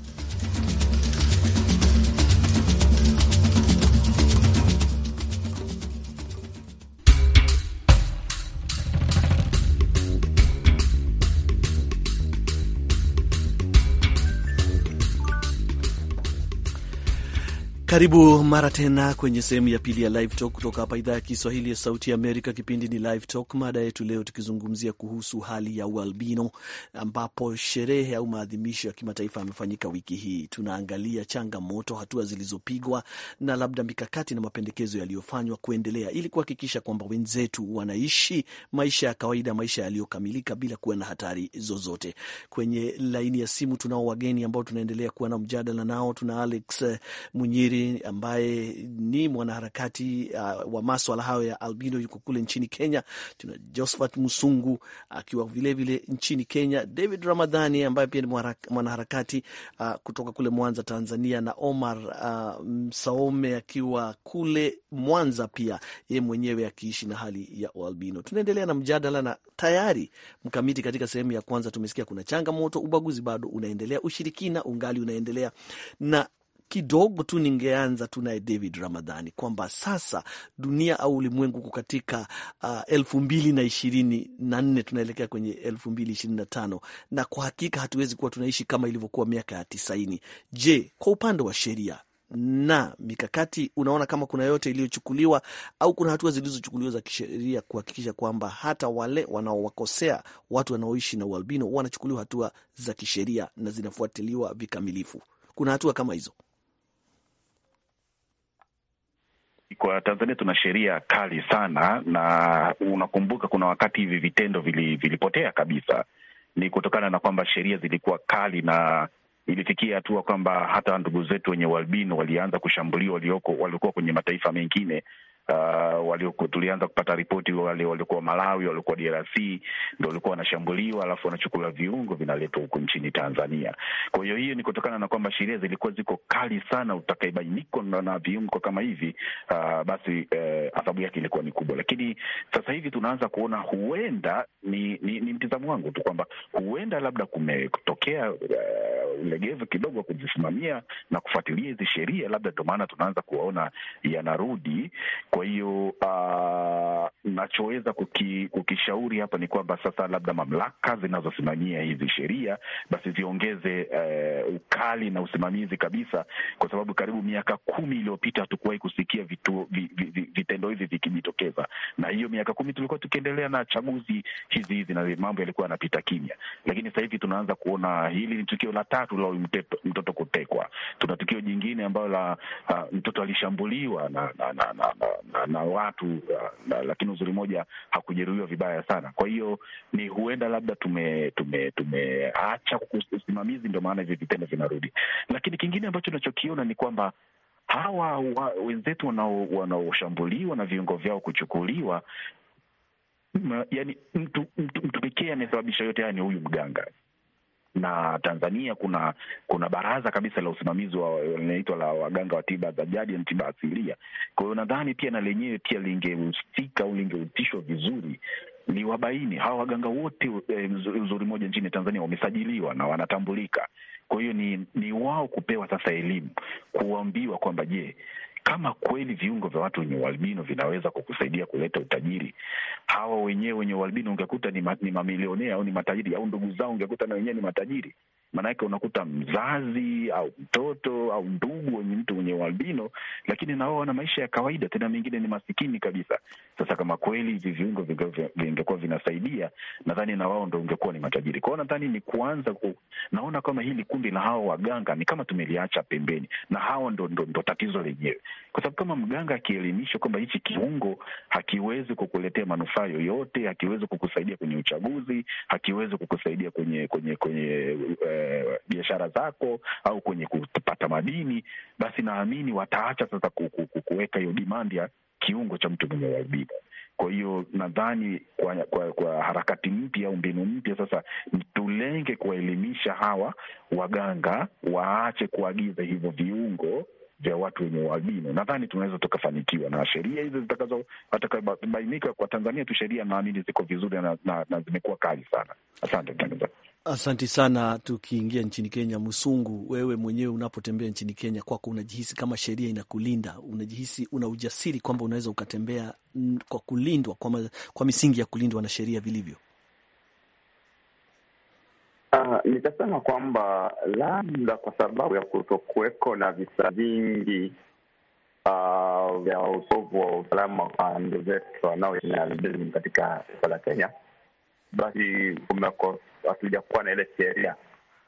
Karibu mara tena kwenye sehemu ya pili ya Live Talk kutoka hapa idhaa ya Kiswahili ya Sauti ya Amerika. Kipindi ni Live Talk, mada yetu leo tukizungumzia kuhusu hali ya ualbino, ambapo sherehe au maadhimisho ya kimataifa yamefanyika wiki hii. Tunaangalia changamoto, hatua zilizopigwa na labda mikakati na mapendekezo yaliyofanywa kuendelea ili kuhakikisha kwamba wenzetu wanaishi maisha ya kawaida, maisha yaliyokamilika bila kuwa na hatari zozote. Kwenye laini ya simu tunao wageni ambao tunaendelea kuwa na mjadala nao. Tuna Alex eh, Munyiri ambaye ni mwanaharakati uh, wa maswala hayo ya albino, yuko kule nchini Kenya. Tuna Josphat Musungu akiwa uh, vilevile nchini Kenya, David Ramadhani ambaye pia ni mwanaharakati uh, kutoka kule Mwanza, Tanzania, na Omar uh, Msaome akiwa kule Mwanza pia ye mwenyewe akiishi na hali ya albino. Tunaendelea na mjadala na tayari mkamiti, katika sehemu ya kwanza tumesikia kuna changamoto, ubaguzi bado unaendelea, ushirikina ungali unaendelea na kidogo tu ningeanza tu naye David Ramadhani kwamba sasa dunia au ulimwengu uko katika uh, elfu mbili na ishirini na nne tunaelekea kwenye elfu mbili ishirini na tano na kwa hakika hatuwezi kuwa tunaishi kama ilivyokuwa miaka ya tisaini. Je, kwa upande wa sheria na mikakati unaona kama kuna yote iliyochukuliwa au kuna hatua zilizochukuliwa za kisheria kuhakikisha kwamba hata wale wanaowakosea watu wanaoishi na ualbino wanachukuliwa hatua za kisheria na zinafuatiliwa vikamilifu? Kuna hatua kama hizo? kwa Tanzania tuna sheria kali sana, na unakumbuka kuna wakati hivi vitendo vili, vilipotea kabisa. Ni kutokana na kwamba sheria zilikuwa kali na ilifikia hatua kwamba hata ndugu zetu wenye ualbino walianza kushambuliwa walioko waliokuwa kwenye mataifa mengine uh, walioku, tulianza kupata ripoti wale waliokuwa Malawi, waliokuwa DRC ndo walikuwa wanashambuliwa, alafu wanachukula viungo vinaletwa huku nchini Tanzania. Kwa hiyo hiyo ni kutokana na kwamba sheria zilikuwa ziko kali sana, utakaibainikwa na na viungo kama hivi uh, basi uh, adhabu yake ilikuwa ni kubwa, lakini sasa hivi tunaanza kuona huenda ni, ni, ni mtizamo wangu tu kwamba huenda labda kumetokea uh, ulegevu kidogo wa kujisimamia na kufuatilia hizi sheria, labda ndio maana tunaanza kuwaona yanarudi kwa hiyo ah, nachoweza kuki, kukishauri hapa ni kwamba sasa labda mamlaka zinazosimamia hizi sheria basi ziongeze uh, ukali na usimamizi kabisa, kwa sababu karibu miaka kumi iliyopita hatukuwahi kusikia vitu, vi, vi, vi, vitendo hivi vikijitokeza, na hiyo miaka kumi tulikuwa tukiendelea na chaguzi hizi hizi na mambo yalikuwa yanapita kimya, lakini sasa hivi tunaanza kuona hili ni tukio la tatu la mtoto kutekwa. Tuna tukio jingine ambayo la uh, mtoto alishambuliwa na, na, na, na, na na, na watu uh, na, lakini uzuri moja hakujeruhiwa vibaya sana. Kwa hiyo ni huenda labda tumeacha tume, usimamizi ndio maana hivi vitendo vinarudi, lakini kingine ambacho nachokiona ni kwamba hawa wenzetu wanaoshambuliwa na viungo vyao kuchukuliwa, yani mtu mtu, mtu pekee anayesababisha yote haya ni huyu mganga na Tanzania kuna kuna baraza kabisa la usimamizi wa linaitwa la waganga wa tiba za jadi na tiba asilia. Kwa hiyo nadhani pia na lenyewe pia lingehusika au lingehusishwa vizuri wabaini hawa waganga wote. E, eh, uzuri mmoja nchini Tanzania wamesajiliwa na wanatambulika. Kwa hiyo ni, ni wao kupewa sasa elimu kuambiwa kwamba je kama kweli viungo vya watu wenye ualbino vinaweza kukusaidia kuleta utajiri, hawa wenyewe wenye ualbino ungekuta ni, ma, ni mamilionea au ni matajiri, au ndugu zao ungekuta na wenyewe ni matajiri. Maanake unakuta mzazi au mtoto au ndugu wenye mtu mwenye ualbino, lakini na wao wana maisha ya kawaida, tena mengine ni masikini kabisa. Sasa kama kweli hivi viungo vingekuwa vinasaidia, nadhani na wao ndo ungekuwa ni matajiri kwao. Nadhani ni kuanza ku, naona kama hili kundi la hawa waganga ni kama tumeliacha pembeni, na hawa ndo, ndo, ndo tatizo lenyewe, kwa sababu kama mganga akielimishwa kwamba hichi kiungo hakiwezi kukuletea manufaa yoyote, hakiwezi kukusaidia kwenye uchaguzi, hakiwezi kukusaidia kwenye kwenye kwenye uh, biashara zako au kwenye kupata madini, basi naamini wataacha sasa kuweka hiyo demand ya kiungo cha mtu mwenye ualbino. Kwa hiyo nadhani kwa, kwa, kwa harakati mpya au mbinu mpya sasa tulenge kuwaelimisha hawa waganga waache kuagiza hivyo viungo vya watu wenye ualbino. Nadhani tunaweza tukafanikiwa na sheria hizo zitakazo atakabainika kwa Tanzania tu, sheria naamini ziko vizuri na, na, na zimekuwa kali sana. Asante mtangazaji. Asanti sana. Tukiingia nchini Kenya, Msungu, wewe mwenyewe unapotembea nchini Kenya kwako, unajihisi kama sheria inakulinda? Unajihisi una ujasiri kwamba unaweza ukatembea kwa kulindwa kwa, kwa misingi ya kulindwa na sheria vilivyo? Ah, nitasema kwamba labda kwa sababu ya kutokuweko na visa vingi uh, vya utovu wa usalama wa ndugu zetu wanaoishi katika taifa la Kenya, basi hatujakuwa na ile sheria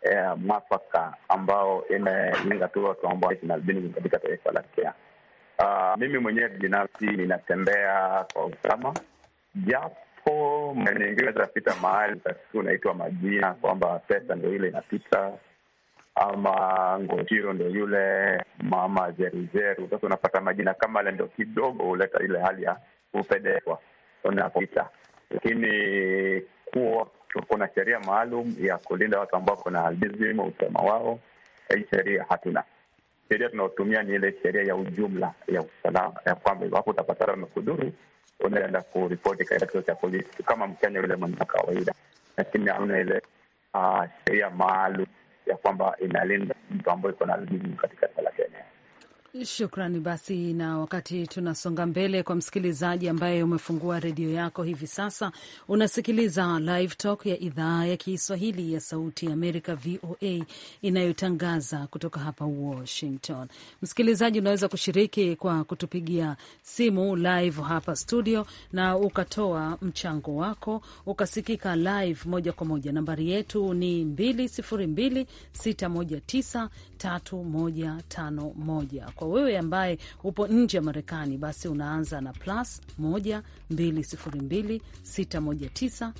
eh, mwafaka ambao imelenga tu watu ambao wanaishi katika taifa la Kenya. Uh, mimi mwenyewe binafsi ninatembea kwa usalama japo nyingine pita mahali sasi unaitwa majina kwamba pesa ndo ile inapita ama Ngojiro ndo yule mama Zeruzeru. Sasa unapata majina kama ale ndo kidogo huleta ile hali ya kupendezwa unapopita, lakini kuwa kuna sheria maalum ya kulinda watu ambao kuna albinism usema wao, hii sheria hatuna. Sheria tunaotumia ni ile sheria ya ujumla ya usalama, ya kwamba iwapo utapatana na kudhuru unaenda kuripoti katika kituo cha polisi kama mkenya yule mwenye kawaida, lakini hamna ile ah, sheria maalum ya kwamba inalinda mtu ambayo iko na albinism katika taifa la Kenya. Shukrani basi. Na wakati tunasonga mbele, kwa msikilizaji ambaye umefungua redio yako hivi sasa, unasikiliza Live Talk ya idhaa ya Kiswahili ya Sauti ya Amerika, VOA, inayotangaza kutoka hapa Washington. Msikilizaji, unaweza kushiriki kwa kutupigia simu live hapa studio na ukatoa mchango wako, ukasikika live moja kwa moja. Nambari yetu ni 202 3151 kwa wewe ambaye upo nje ya Marekani, basi unaanza na plus 1 619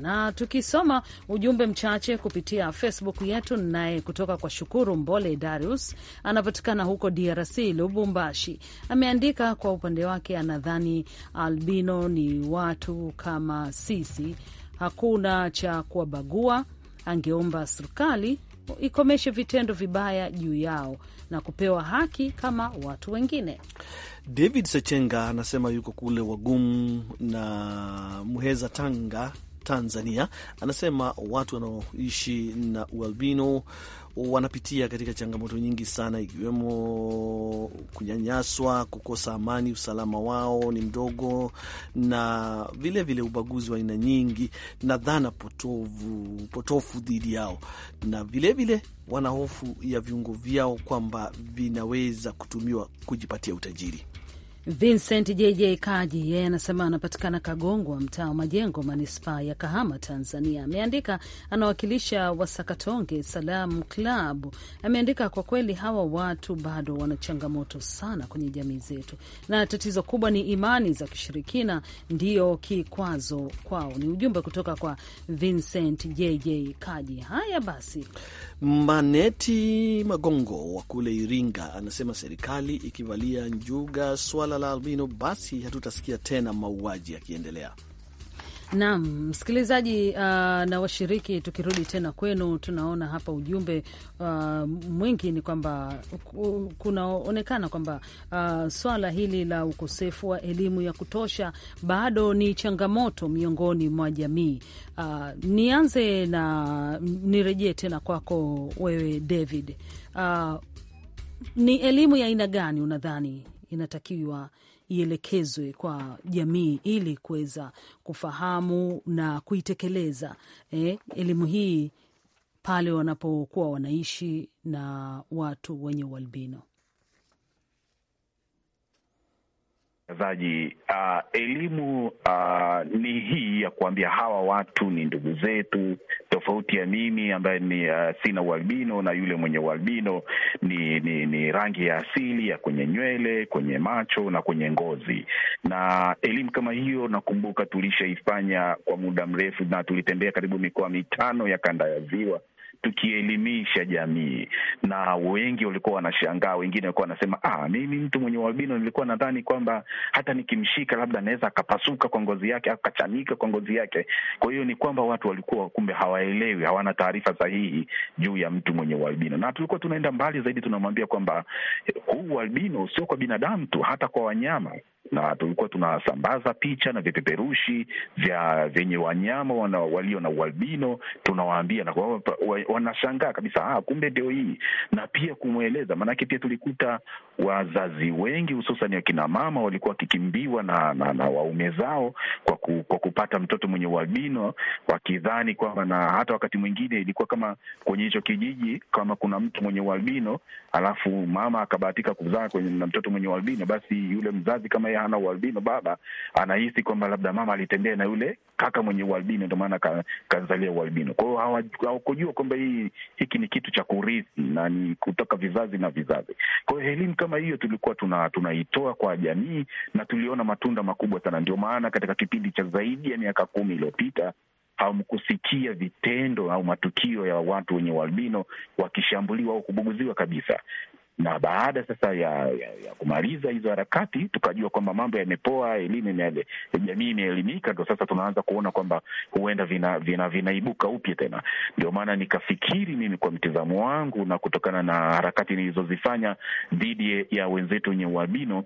na tukisoma ujumbe mchache kupitia Facebook yetu. Naye kutoka kwa Shukuru Mbole Darius, anapatikana huko DRC, Lubumbashi, ameandika kwa upande wake, anadhani albino ni watu kama sisi, hakuna cha kuwabagua. Angeomba serikali ikomeshe vitendo vibaya juu yao na kupewa haki kama watu wengine. David Sechenga anasema yuko kule Wagumu na Muheza, Tanga, Tanzania. Anasema watu wanaoishi na ualbino wanapitia katika changamoto nyingi sana, ikiwemo kunyanyaswa, kukosa amani, usalama wao ni mdogo, na vilevile vile ubaguzi wa aina nyingi na dhana potovu, potofu dhidi yao, na vilevile wana hofu ya viungo vyao kwamba vinaweza kutumiwa kujipatia utajiri. Vincent JJ Kaji yeye anasema anapatikana Kagongwa, mtaa wa Majengo, manispaa ya Kahama, Tanzania. Ameandika anawakilisha Wasakatonge Salamu Klabu. Ameandika kwa kweli, hawa watu bado wana changamoto sana kwenye jamii zetu, na tatizo kubwa ni imani za kishirikina ndiyo kikwazo kwao. Ni ujumbe kutoka kwa Vincent JJ Kaji. Haya basi Maneti Magongo wa kule Iringa anasema serikali ikivalia njuga swala la albino, basi hatutasikia tena mauaji yakiendelea. Naam, msikilizaji uh, na washiriki, tukirudi tena kwenu, tunaona hapa ujumbe uh, mwingi ni kwamba kunaonekana kwamba uh, swala hili la ukosefu wa elimu ya kutosha bado ni changamoto miongoni mwa jamii. Uh, nianze na nirejee tena kwako wewe David. Uh, ni elimu ya aina gani unadhani inatakiwa ielekezwe kwa jamii ili kuweza kufahamu na kuitekeleza eh, elimu hii pale wanapokuwa wanaishi na watu wenye ualbino. mtangazaji. Uh, ah, elimu uh, ni hii ya kuambia hawa watu ni ndugu zetu, tofauti ya mimi ambaye ni uh, sina ualbino na yule mwenye ualbino ni, ni ni rangi ya asili ya kwenye nywele, kwenye macho na kwenye ngozi. Na elimu kama hiyo nakumbuka tulishaifanya kwa muda mrefu, na tulitembea karibu mikoa mitano ya kanda ya Ziwa tukielimisha jamii, na wengi walikuwa wanashangaa, wengine walikuwa wanasema ah, mimi mtu mwenye ualbino nilikuwa nadhani kwamba hata nikimshika labda anaweza akapasuka kwa ngozi yake akachanika kwa ngozi yake. Kwa hiyo ni kwamba watu walikuwa kumbe hawaelewi, hawana taarifa sahihi juu ya mtu mwenye ualbino, na tulikuwa tunaenda mbali zaidi, tunamwambia kwamba huu ualbino sio kwa binadamu tu, hata kwa wanyama na tulikuwa tunasambaza picha na vipeperushi vya vyenye wanyama wana, walio na ualbino tunawaambia, na wanashangaa kabisa, ah, kumbe ndio hii, na pia kumweleza. Maanake pia tulikuta wazazi wengi hususan akina mama walikuwa wakikimbiwa na, na, na waume zao kwa, ku, kwa kupata mtoto mwenye ualbino wakidhani kwamba, na hata wakati mwingine ilikuwa kama kwenye hicho kijiji, kama kuna mtu mwenye ualbino alafu mama akabahatika kuzaa na mtoto mwenye ualbino, basi yule mzazi kama yeye hana ualbino, baba anahisi kwamba labda mama alitembea na yule kaka mwenye ualbino, ndio maana kazalia ualbino. Kwa hiyo hawakujua kwamba hii hiki ni kitu cha kurithi na ni kutoka vizazi na vizazi. Kwa hiyo elimu kama hiyo tulikuwa tuna tunaitoa kwa jamii na tuliona matunda makubwa sana. Ndio maana katika kipindi cha zaidi ya miaka kumi iliyopita hamkusikia vitendo au matukio ya watu wenye ualbino wakishambuliwa au kubuguziwa kabisa na baada sasa ya, ya, ya kumaliza hizo harakati tukajua kwamba mambo yamepoa, elimu jamii imeelimika, ndo sasa tunaanza kuona kwamba huenda vinaibuka vina, vina upya tena. Ndio maana nikafikiri mimi kwa mtizamo wangu na kutokana na harakati nilizozifanya dhidi ya wenzetu wenye uabino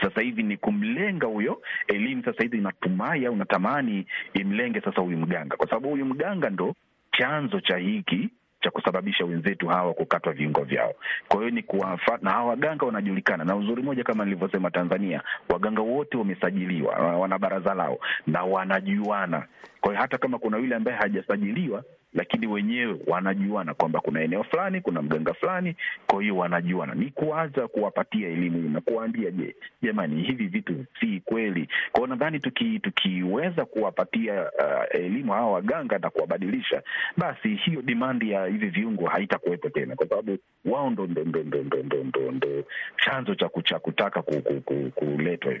sasa hivi ni kumlenga huyo elimu. Sasa hivi inatumai au natamani imlenge sasa huyu mganga, kwa sababu huyu mganga ndo chanzo cha hiki cha kusababisha wenzetu hawa kukatwa viungo vyao. Kwa hiyo ni kuwafa, na hawa waganga wanajulikana, na uzuri moja kama nilivyosema, Tanzania waganga wote wamesajiliwa, wana baraza lao na wanajuana. Kwa hiyo hata kama kuna yule ambaye hajasajiliwa lakini wenyewe wanajuana kwamba kuna eneo fulani kuna mganga fulani, kwa hiyo wanajuana. Ni kuanza kuwapatia elimu na kuwaambia, je, jamani, hivi vitu si kweli. Kwao nadhani tuki, tukiweza kuwapatia uh, elimu hawa waganga na kuwabadilisha, basi hiyo dimandi ya hivi viungo haitakuwepo tena, kwa sababu wao ndo ndo ndo ndo ndo ndo ndo chanzo cha kucha kutaka kuletwa.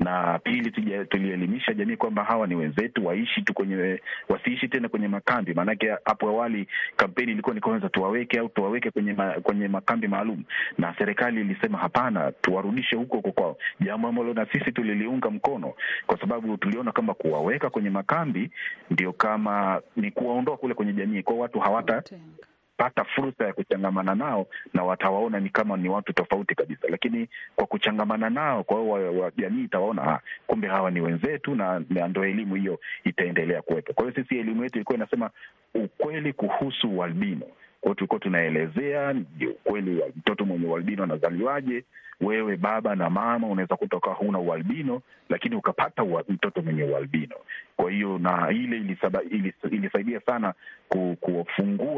Na pili, tulielimisha jamii kwamba hawa ni wenzetu, waishi tu kwenye, wasiishi tena kwenye makambi maanake hapo awali kampeni ilikuwa ni kwanza tuwaweke au tuwaweke kwenye ma, kwenye makambi maalum, na serikali ilisema hapana, tuwarudishe huko huko kwao, jambo ambalo na sisi tuliliunga mkono kwa sababu tuliona kama kuwaweka kwenye makambi ndio kama ni kuwaondoa kule kwenye jamii, kwao watu hawata watapata fursa ya kuchangamana nao na watawaona ni kama ni watu tofauti kabisa, lakini kwa kuchangamana nao, kwa hiyo jamii itawaona ah, kumbe hawa ni wenzetu, na, na ndo elimu hiyo itaendelea kuwepo. Kwa hiyo sisi elimu yetu ilikuwa inasema ukweli kuhusu ualbino Kwao tulikuwa tunaelezea ukweli wa mtoto mwenye ualbino anazaliwaje. Wewe baba na mama unaweza kuta ukawa huna ualbino, lakini ukapata mtoto mwenye ualbino. Kwa hiyo na ile ilisaba, ilis, ilisaidia sana ku,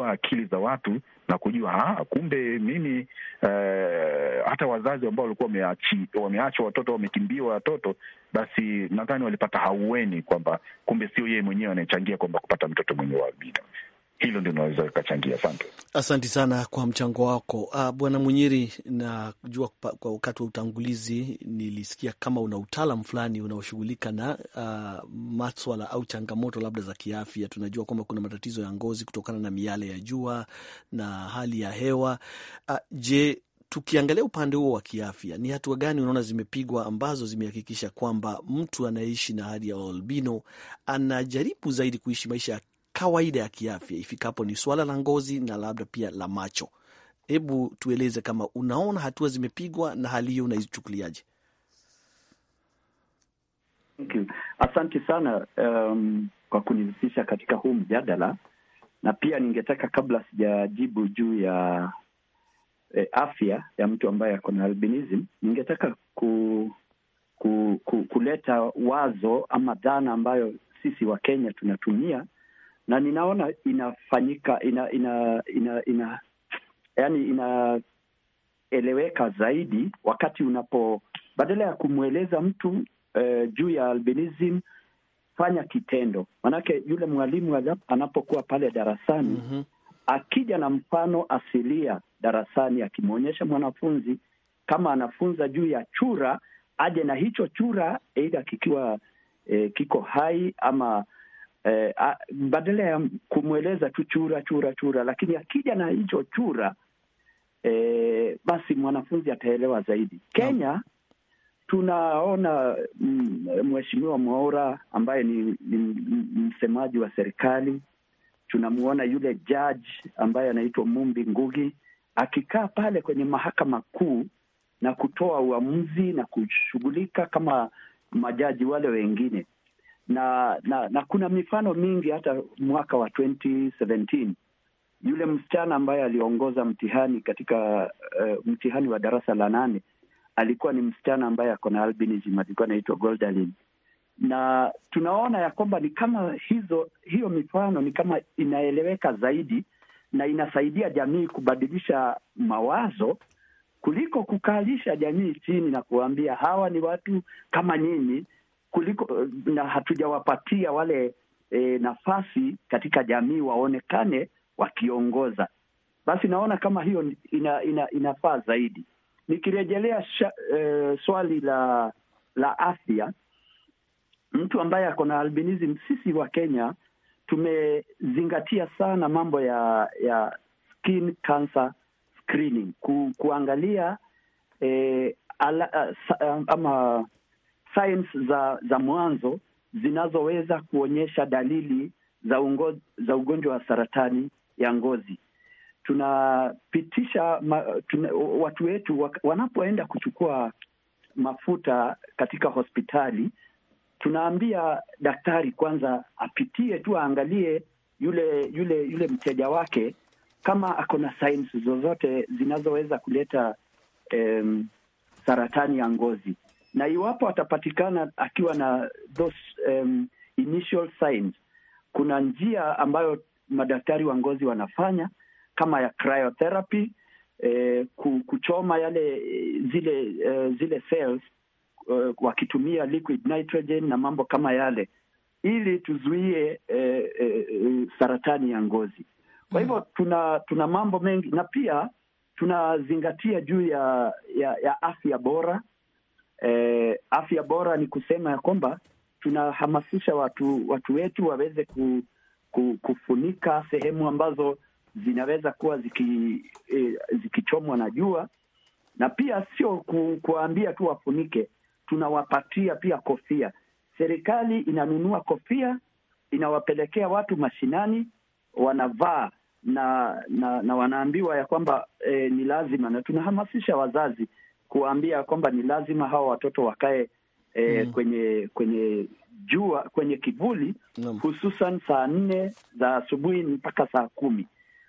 akili za watu na kujua ah, kumbe mimi eh, hata wazazi ambao walikuwa wameachwa watoto wamekimbiwa watoto, basi nadhani walipata haueni kwamba kumbe sio yeye mwenyewe anayechangia kwamba kupata mtoto mwenye ualbino hilo ndio naweza ikachangia. Asante, asante sana kwa mchango wako ah, Bwana Mwenyeri. Najua kwa wakati wa utangulizi nilisikia kama una utaalam fulani unaoshughulika na uh, maswala au changamoto labda za kiafya. Tunajua kwamba kuna matatizo ya ngozi kutokana na miale ya jua na hali ya hewa uh, je tukiangalia upande huo wa kiafya, ni hatua gani unaona zimepigwa ambazo zimehakikisha kwamba mtu anayeishi na hali ya albino anajaribu zaidi kuishi maisha ya kawaida ya kiafya ifikapo ni suala la ngozi na labda pia la macho. Hebu tueleze kama unaona hatua zimepigwa na hali hiyo unaichukuliaje? Okay. Asante sana um, kwa kunihusisha katika huu mjadala, na pia ningetaka kabla sijajibu juu ya e, afya ya mtu ambaye ako na albinism, ningetaka ku, ku, ku, kuleta wazo ama dhana ambayo sisi wa Kenya tunatumia na ninaona inafanyika ina ina ina, ina yani inaeleweka zaidi wakati unapo badala ya kumweleza mtu eh, juu ya albinism fanya kitendo. manake yule mwalimu anapokuwa pale darasani mm -hmm. akija na mfano asilia darasani, akimwonyesha mwanafunzi kama anafunza juu ya chura, aje na hicho chura, eidha kikiwa eh, kiko hai ama eh, badala ya kumweleza tu chura chura chura, lakini akija na hicho chura eh, basi mwanafunzi ataelewa zaidi. Kenya Tunaona mm, mheshimiwa Mwaura ambaye ni, ni msemaji wa serikali. Tunamwona yule jaji ambaye anaitwa Mumbi Ngugi akikaa pale kwenye mahakama kuu na kutoa uamuzi na kushughulika kama majaji wale wengine na, na na kuna mifano mingi. Hata mwaka wa 2017 yule msichana ambaye aliongoza mtihani katika uh, mtihani wa darasa la nane alikuwa ni msichana ambaye ako na albinism, alikuwa anaitwa Goldalin na tunaona ya kwamba ni kama hizo hiyo mifano ni kama inaeleweka zaidi na inasaidia jamii kubadilisha mawazo kuliko kukalisha jamii chini na kuwaambia hawa ni watu kama nyinyi kuliko eh, na hatujawapatia wale e, nafasi katika jamii waonekane wakiongoza. Basi naona kama hiyo ina, ina, inafaa zaidi. Nikirejelea e, swali la la afya, mtu ambaye ako na albinism, sisi wa Kenya tumezingatia sana mambo ya ya skin cancer screening ku, kuangalia e, ala, sa, ama science za za mwanzo zinazoweza kuonyesha dalili za, ungo, za ugonjwa wa saratani ya ngozi. Tunapitisha ma, tuna, watu wetu wanapoenda kuchukua mafuta katika hospitali, tunaambia daktari kwanza apitie tu aangalie yule yule yule mteja wake kama ako na zozote zinazoweza kuleta em, saratani ya ngozi na iwapo atapatikana akiwa na those um, initial signs, kuna njia ambayo madaktari wa ngozi wanafanya kama ya cryotherapy eh, kuchoma yale zile uh, zile cells uh, wakitumia liquid nitrogen na mambo kama yale ili tuzuie eh, eh, saratani ya ngozi. Kwa hivyo mm. tuna tuna mambo mengi na pia tunazingatia juu ya, ya, ya afya bora eh, afya bora ni kusema ya kwamba tunahamasisha watu watu wetu waweze ku, ku, kufunika sehemu ambazo zinaweza kuwa ziki, eh, zikichomwa na jua, na pia sio ku, kuwaambia tu wafunike, tunawapatia pia kofia. Serikali inanunua kofia inawapelekea watu mashinani wanavaa na na, na wanaambiwa ya kwamba eh, ni lazima, na tunahamasisha wazazi kuwaambia kwamba ni lazima hawa watoto wakae e, mm. kwenye kwenye jua kwenye kivuli mm. hususan saa nne za asubuhi mpaka saa kumi.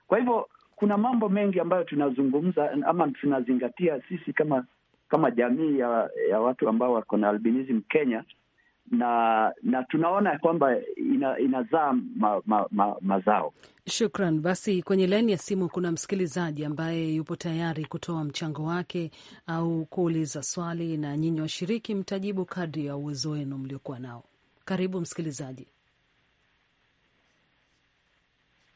Kwa hivyo kuna mambo mengi ambayo tunazungumza ama tunazingatia sisi kama kama jamii ya, ya watu ambao wako na albinism Kenya na na tunaona kwamba ina, inazaa ma, ma, ma, mazao. Shukran. Basi kwenye laini ya simu kuna msikilizaji ambaye yupo tayari kutoa mchango wake au kuuliza swali, na nyinyi washiriki mtajibu kadri ya uwezo wenu mliokuwa nao. Karibu msikilizaji.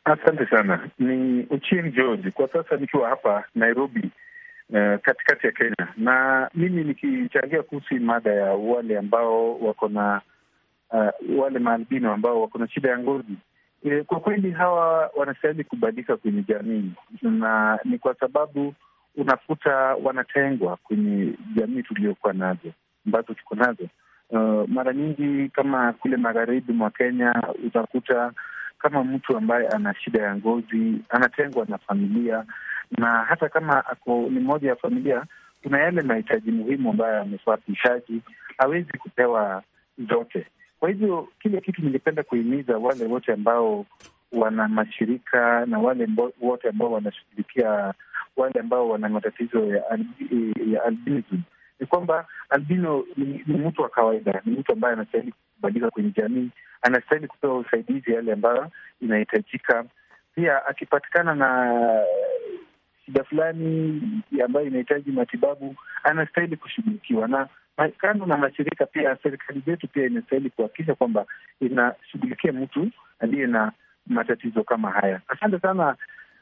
Asante sana, ni Uchiri George, kwa sasa nikiwa hapa Nairobi Eh, katikati ya Kenya. Na mimi nikichangia kuhusu mada ya wale ambao wako na uh, wale maalbino ambao wako na shida ya ngozi e, kwa kweli hawa wanastahili kubadilika kwenye jamii, na ni kwa sababu unakuta wanatengwa kwenye jamii tuliokuwa nazo ambazo tuko nazo. Uh, mara nyingi kama kule magharibi mwa Kenya utakuta kama mtu ambaye ana shida ya ngozi, anatengwa na familia, na hata kama ako ni moja ya familia, kuna yale mahitaji muhimu ambayo amefuatishaji, hawezi kupewa zote. Kwa hivyo kile kitu ningependa kuhimiza wale wote ambao wana mashirika na wale wote ambao wanashughulikia wale ambao wana matatizo ya albi, ya albinism ni kwamba albino ni, ni mtu wa kawaida, ni mtu ambaye anastahili kukubalika kwenye jamii anastahili kupewa usaidizi yale ambayo inahitajika. Pia akipatikana na shida fulani ambayo inahitaji matibabu, anastahili kushughulikiwa na kando na mashirika pia, serikali zetu pia inastahili kuhakikisha kwamba inashughulikia mtu aliye na matatizo kama haya. Asante sana,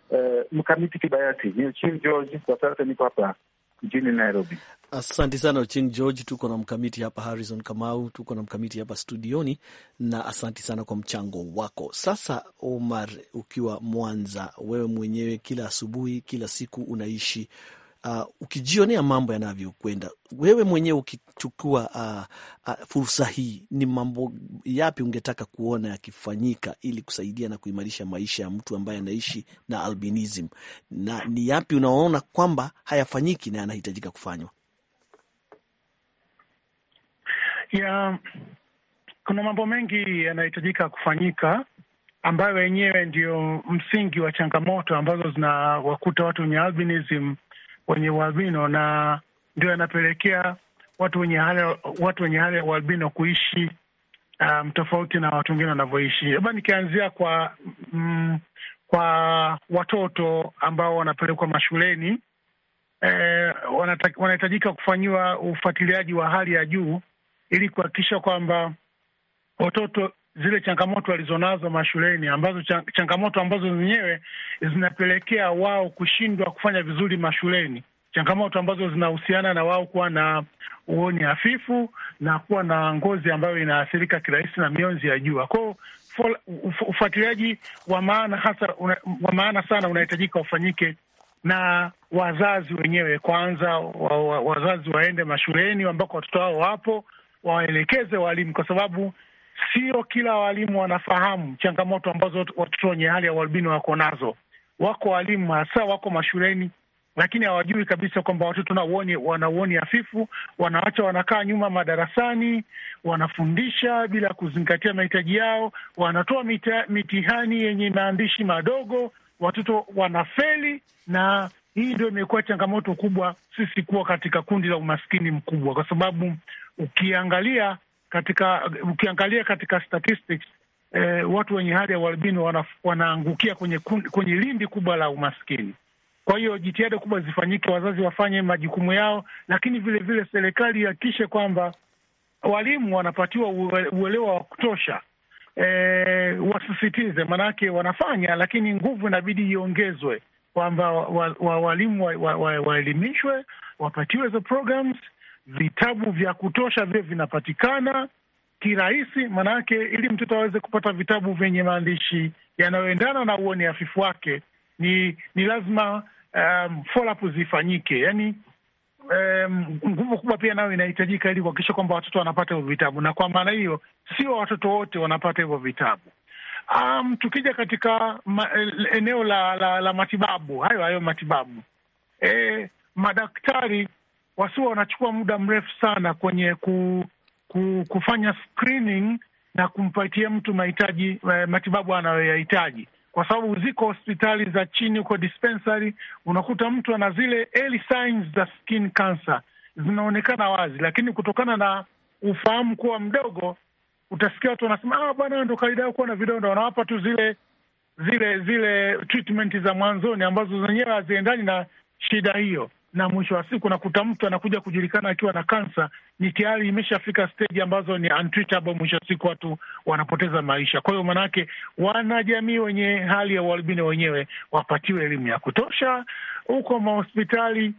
uh, Mkamiti Kibayati. Ni George, kwa sasa niko hapa jijini Nairobi. Asante sana Ochieng George, tuko na mkamiti hapa Harrison Kamau, tuko na mkamiti hapa studioni, na asante sana kwa mchango wako. Sasa Omar, ukiwa Mwanza, wewe mwenyewe kila asubuhi, kila siku unaishi uh, ukijionea mambo yanavyokwenda, wewe mwenyewe ukichukua uh, uh, fursa hii, ni mambo yapi ungetaka kuona yakifanyika ili kusaidia na kuimarisha maisha ya mtu ambaye anaishi na albinism, na ni yapi unaona kwamba hayafanyiki na yanahitajika kufanywa? Yeah, kuna mambo mengi yanahitajika kufanyika ambayo yenyewe ndiyo msingi wa changamoto ambazo zinawakuta watu wenye albinism wenye ualbino, na ndio yanapelekea watu wenye hali watu wenye hali ya ualbino kuishi um, tofauti na watu wengine wanavyoishi. Labda nikianzia kwa mm, kwa watoto ambao wanapelekwa mashuleni eh, wanahitajika kufanyiwa ufuatiliaji wa hali ya juu ili kuhakikisha kwamba watoto zile changamoto walizonazo mashuleni ambazo changamoto ambazo zenyewe zinapelekea wao kushindwa kufanya vizuri mashuleni, changamoto ambazo zinahusiana na wao kuwa na uoni hafifu na kuwa na ngozi ambayo inaathirika kirahisi na mionzi ya jua kwao ufuatiliaji wa maana hasa una, wa maana sana unahitajika ufanyike na wazazi wenyewe kwanza. wa, wa, wazazi waende mashuleni ambako watoto wao wapo, wawaelekeze walimu, kwa sababu sio kila walimu wanafahamu changamoto ambazo watoto wenye hali ya ualbino wako nazo. Wako walimu hasa wako mashuleni, lakini hawajui kabisa kwamba watoto wana uoni hafifu, wanawacha wanakaa nyuma madarasani, wanafundisha bila kuzingatia mahitaji yao, wanatoa mita, mitihani yenye maandishi madogo, watoto wanafeli na hii ndio imekuwa changamoto kubwa, sisi kuwa katika kundi la umaskini mkubwa, kwa sababu ukiangalia katika ukiangalia katika statistics eh, watu wenye hali ya ualbino wana, wanaangukia kwenye, kwenye lindi kubwa la umaskini. Kwa hiyo jitihada kubwa zifanyike, wazazi wafanye majukumu yao, lakini vilevile serikali ihakikishe kwamba walimu wanapatiwa uelewa wa kutosha. Eh, wasisitize, maanake wanafanya, lakini nguvu inabidi iongezwe kwamba wa, wa, walimu waelimishwe wa, wa, waelimishwe wapatiwe hizo programs vitabu vya kutosha vile vinapatikana kirahisi, maanake ili mtoto aweze kupata vitabu vyenye maandishi yanayoendana na uone hafifu wake ni ni lazima um, follow up zifanyike, yani um, nguvu um, kubwa pia nayo inahitajika ili kuhakikisha kwamba watoto wanapata hivyo vitabu, na kwa maana hiyo sio watoto wote wanapata hivyo vitabu. Um, tukija katika ma, eneo la, la, la matibabu hayo hayo matibabu e, madaktari wasiwa wanachukua muda mrefu sana kwenye ku, ku, kufanya screening na kumpatia mtu mahitaji eh, matibabu anayoyahitaji, kwa sababu ziko hospitali za chini huko dispensary, unakuta mtu ana zile early signs za skin cancer zinaonekana wazi, lakini kutokana na ufahamu kuwa mdogo, utasikia watu wanasema ah, bwana, ndo kawaida kuwa na vidonda, wanawapa tu zile zile zile treatment za mwanzoni ambazo zenyewe haziendani na shida hiyo na mwisho wa siku nakuta mtu anakuja kujulikana akiwa na kansa, ni tayari imeshafika stage ambazo ni untreatable. Mwisho wa siku watu wanapoteza maisha. Kwa hiyo maanake wanajamii wenye hali ya ualbino wenyewe wapatiwe elimu ya kutosha huko mahospitali,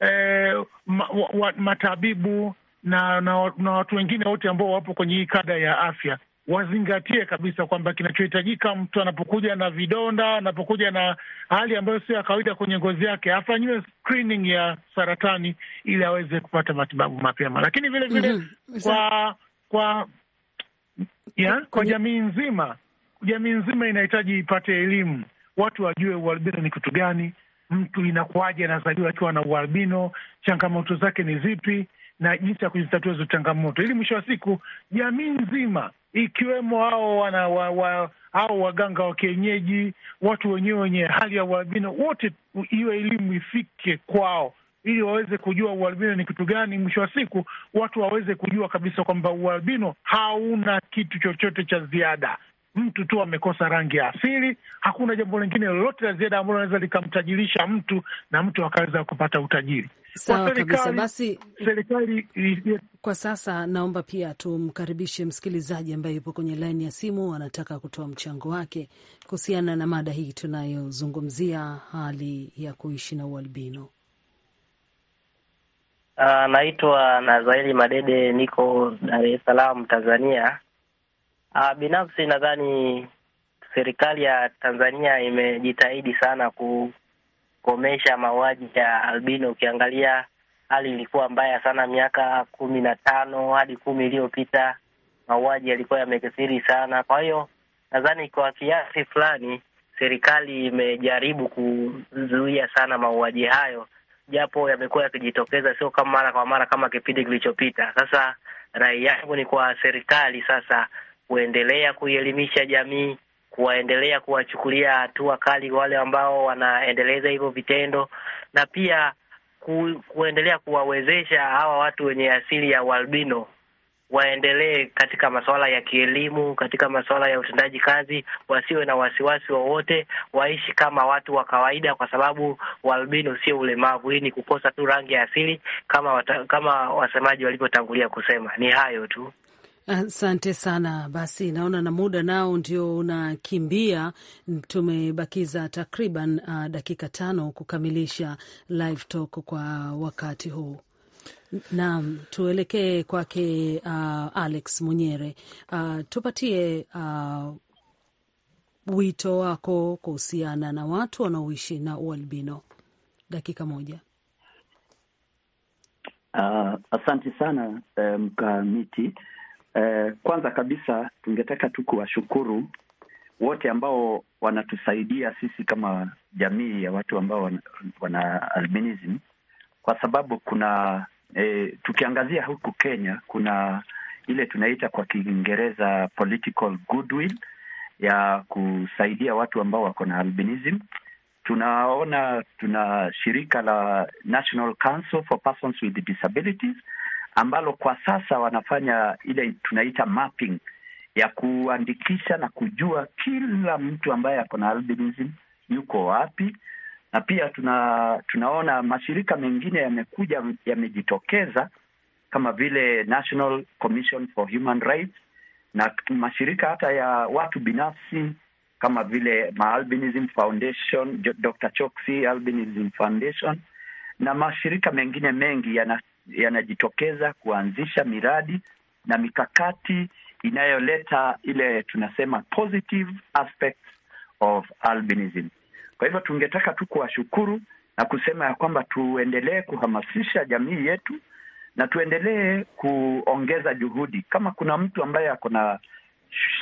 eh, ma, matabibu na, na, na watu wengine wote ambao wapo kwenye hii kada ya afya wazingatie kabisa kwamba kinachohitajika mtu anapokuja na vidonda, anapokuja na hali ambayo sio ya kawaida kwenye ngozi yake, afanyiwe screening ya saratani ili aweze kupata matibabu mapema. Lakini vile vile mm -hmm. kwa kwa yeah, kwa jamii nzima, jamii nzima inahitaji ipate elimu, watu wajue ualbino ni kitu gani, mtu inakuwaje anazaliwa akiwa na ualbino, changamoto zake ni zipi na jinsi ya kuzitatua hizo changamoto, ili mwisho wa siku jamii nzima ikiwemo hao wana wa, wa, au waganga wa kienyeji, watu wenyewe wenye hali ya ualbino wote, hiyo elimu ifike kwao ili waweze kujua ualbino ni kitu gani. Mwisho wa siku watu waweze kujua kabisa kwamba ualbino hauna kitu chochote cha ziada, mtu tu amekosa rangi ya asili. Hakuna jambo lingine lolote la ziada ambalo anaweza likamtajirisha mtu na mtu akaweza kupata utajiri. Sawa kabisa. Basi serikali kwa sasa, naomba pia tumkaribishe msikilizaji ambaye yupo kwenye laini ya simu, anataka kutoa mchango wake kuhusiana na mada hii tunayozungumzia, hali ya kuishi na ualbino. Uh, naitwa Nazaeli Madede, niko Dar es Salaam, Tanzania. Uh, binafsi nadhani serikali ya Tanzania imejitahidi sana kukomesha mauaji ya albino. Ukiangalia hali ilikuwa mbaya sana miaka kumi na tano hadi kumi iliyopita, mauaji yalikuwa yamekithiri sana. Kwa hiyo nadhani kwa kiasi fulani serikali imejaribu kuzuia sana mauaji hayo, japo yamekuwa yakijitokeza, sio kama mara kwa mara kama kipindi kilichopita. Sasa rai yangu ni kwa serikali sasa kuendelea kuielimisha jamii, kuwaendelea kuwachukulia hatua kali wale ambao wanaendeleza hivyo vitendo, na pia ku, kuendelea kuwawezesha hawa watu wenye asili ya ualbino waendelee katika masuala ya kielimu, katika masuala ya utendaji kazi, wasiwe na wasiwasi wowote, waishi kama watu wa kawaida, kwa sababu ualbino sio ulemavu. Hii ni kukosa tu rangi ya asili, kama wata, kama wasemaji walivyotangulia kusema. Ni hayo tu. Asante sana. Basi naona na muda nao ndio unakimbia, tumebakiza takriban uh, dakika tano kukamilisha live talk kwa wakati huu. Naam, tuelekee kwake uh, Alex Munyere, uh, tupatie uh, wito wako kuhusiana na watu wanaoishi na ualbino, dakika moja. Uh, asante sana uh, mkamiti. Um, Eh, kwanza kabisa tungetaka tu kuwashukuru wote ambao wanatusaidia sisi kama jamii ya watu ambao wana, wana albinism kwa sababu kuna eh, tukiangazia huku Kenya kuna ile tunaita kwa Kiingereza political goodwill ya kusaidia watu ambao wako na albinism. Tunaona tuna shirika la National Council for Persons with Disabilities ambalo kwa sasa wanafanya ile tunaita mapping ya kuandikisha na kujua kila mtu ambaye ako na albinism yuko wapi, na pia tuna, tunaona mashirika mengine yamekuja yamejitokeza kama vile National Commission for Human Rights na mashirika hata ya watu binafsi kama vile Maalbinism Foundation, Dr. Choksi Albinism Foundation na mashirika mengine mengi yana, yanajitokeza kuanzisha miradi na mikakati inayoleta ile tunasema positive aspects of albinism. Kwa hivyo tungetaka tu kuwashukuru na kusema ya kwamba tuendelee kuhamasisha jamii yetu na tuendelee kuongeza juhudi. Kama kuna mtu ambaye ako na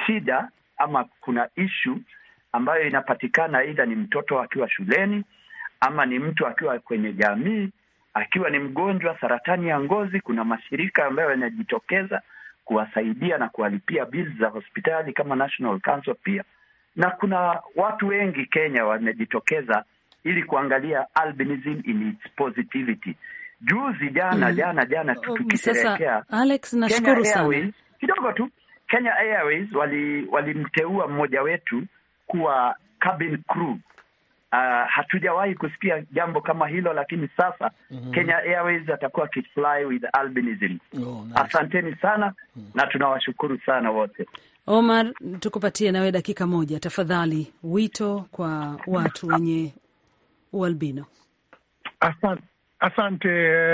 shida ama kuna ishu ambayo inapatikana, aidha ni mtoto akiwa shuleni ama ni mtu akiwa kwenye jamii, akiwa ni mgonjwa saratani ya ngozi, kuna mashirika ambayo yanajitokeza kuwasaidia na kuwalipia bili za hospitali kama National Council pia, na kuna watu wengi Kenya wamejitokeza ili kuangalia albinism in its positivity. Juzi jana mm. jana jana tu oh, tukisherehekea Alex, nashukuru sana kidogo tu. Kenya Airways walimteua wali mmoja wetu kuwa cabin crew Uh, hatujawahi kusikia jambo kama hilo, lakini sasa mm -hmm. Kenya Airways atakuwa kifly with albinism. Oh, nice. Asanteni sana mm -hmm. na tunawashukuru sana wote. Omar, tukupatie nawe dakika moja tafadhali, wito kwa watu wenye ualbino. Asante, asante.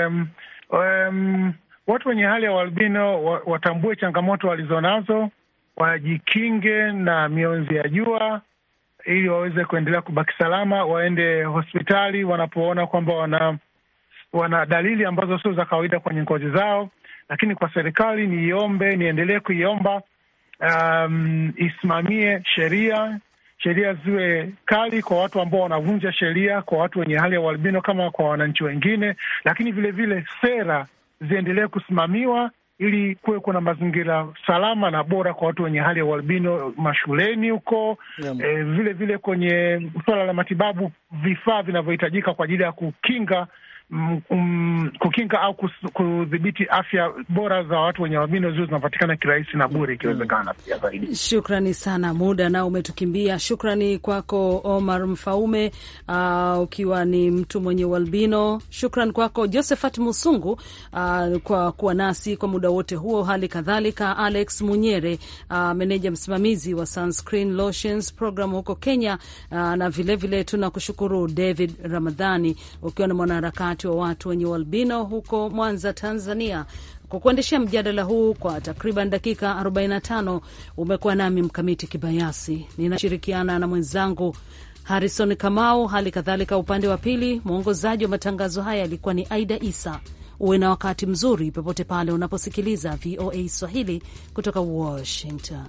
Um, um, watu wenye hali ya ualbino watambue changamoto walizonazo, wajikinge na mionzi ya jua ili waweze kuendelea kubaki salama, waende hospitali wanapoona kwamba wana wana dalili ambazo sio za kawaida kwenye ngozi zao. Lakini kwa serikali niiombe, niendelee kuiomba um, isimamie sheria, sheria ziwe kali kwa watu ambao wanavunja sheria, kwa watu wenye hali ya ualbino kama kwa wananchi wengine. Lakini vilevile vile sera ziendelee kusimamiwa ili kuwekwa na mazingira salama na bora kwa watu wenye hali ya ualbino mashuleni huko E, vile vile kwenye suala la matibabu, vifaa vinavyohitajika kwa ajili ya kukinga Mm, um, kukinga au kudhibiti afya bora za watu wenye albino ziwe zinapatikana kirahisi na bure ikiwezekana mm. pia zaidi. Shukrani sana, muda nao umetukimbia. Shukrani kwako Omar Mfaume, uh, ukiwa ni mtu mwenye ualbino. Shukran kwako Josephat Musungu, uh, kwa kuwa nasi kwa muda wote huo. Hali kadhalika Alex Munyere, uh, meneja msimamizi wa Sunscreen Lotions program huko Kenya, uh, na vilevile tunakushukuru David Ramadhani ukiwa ni mwanaharakati wanaharakati wa watu wenye ualbino huko Mwanza, Tanzania. Kwa kuendeshea mjadala huu kwa takriban dakika 45 umekuwa nami Mkamiti Kibayasi, ninashirikiana na mwenzangu harison Kamau. Hali kadhalika upande wa pili, mwongozaji wa matangazo haya alikuwa ni Aida Isa. Uwe na wakati mzuri popote pale unaposikiliza VOA Swahili kutoka Washington.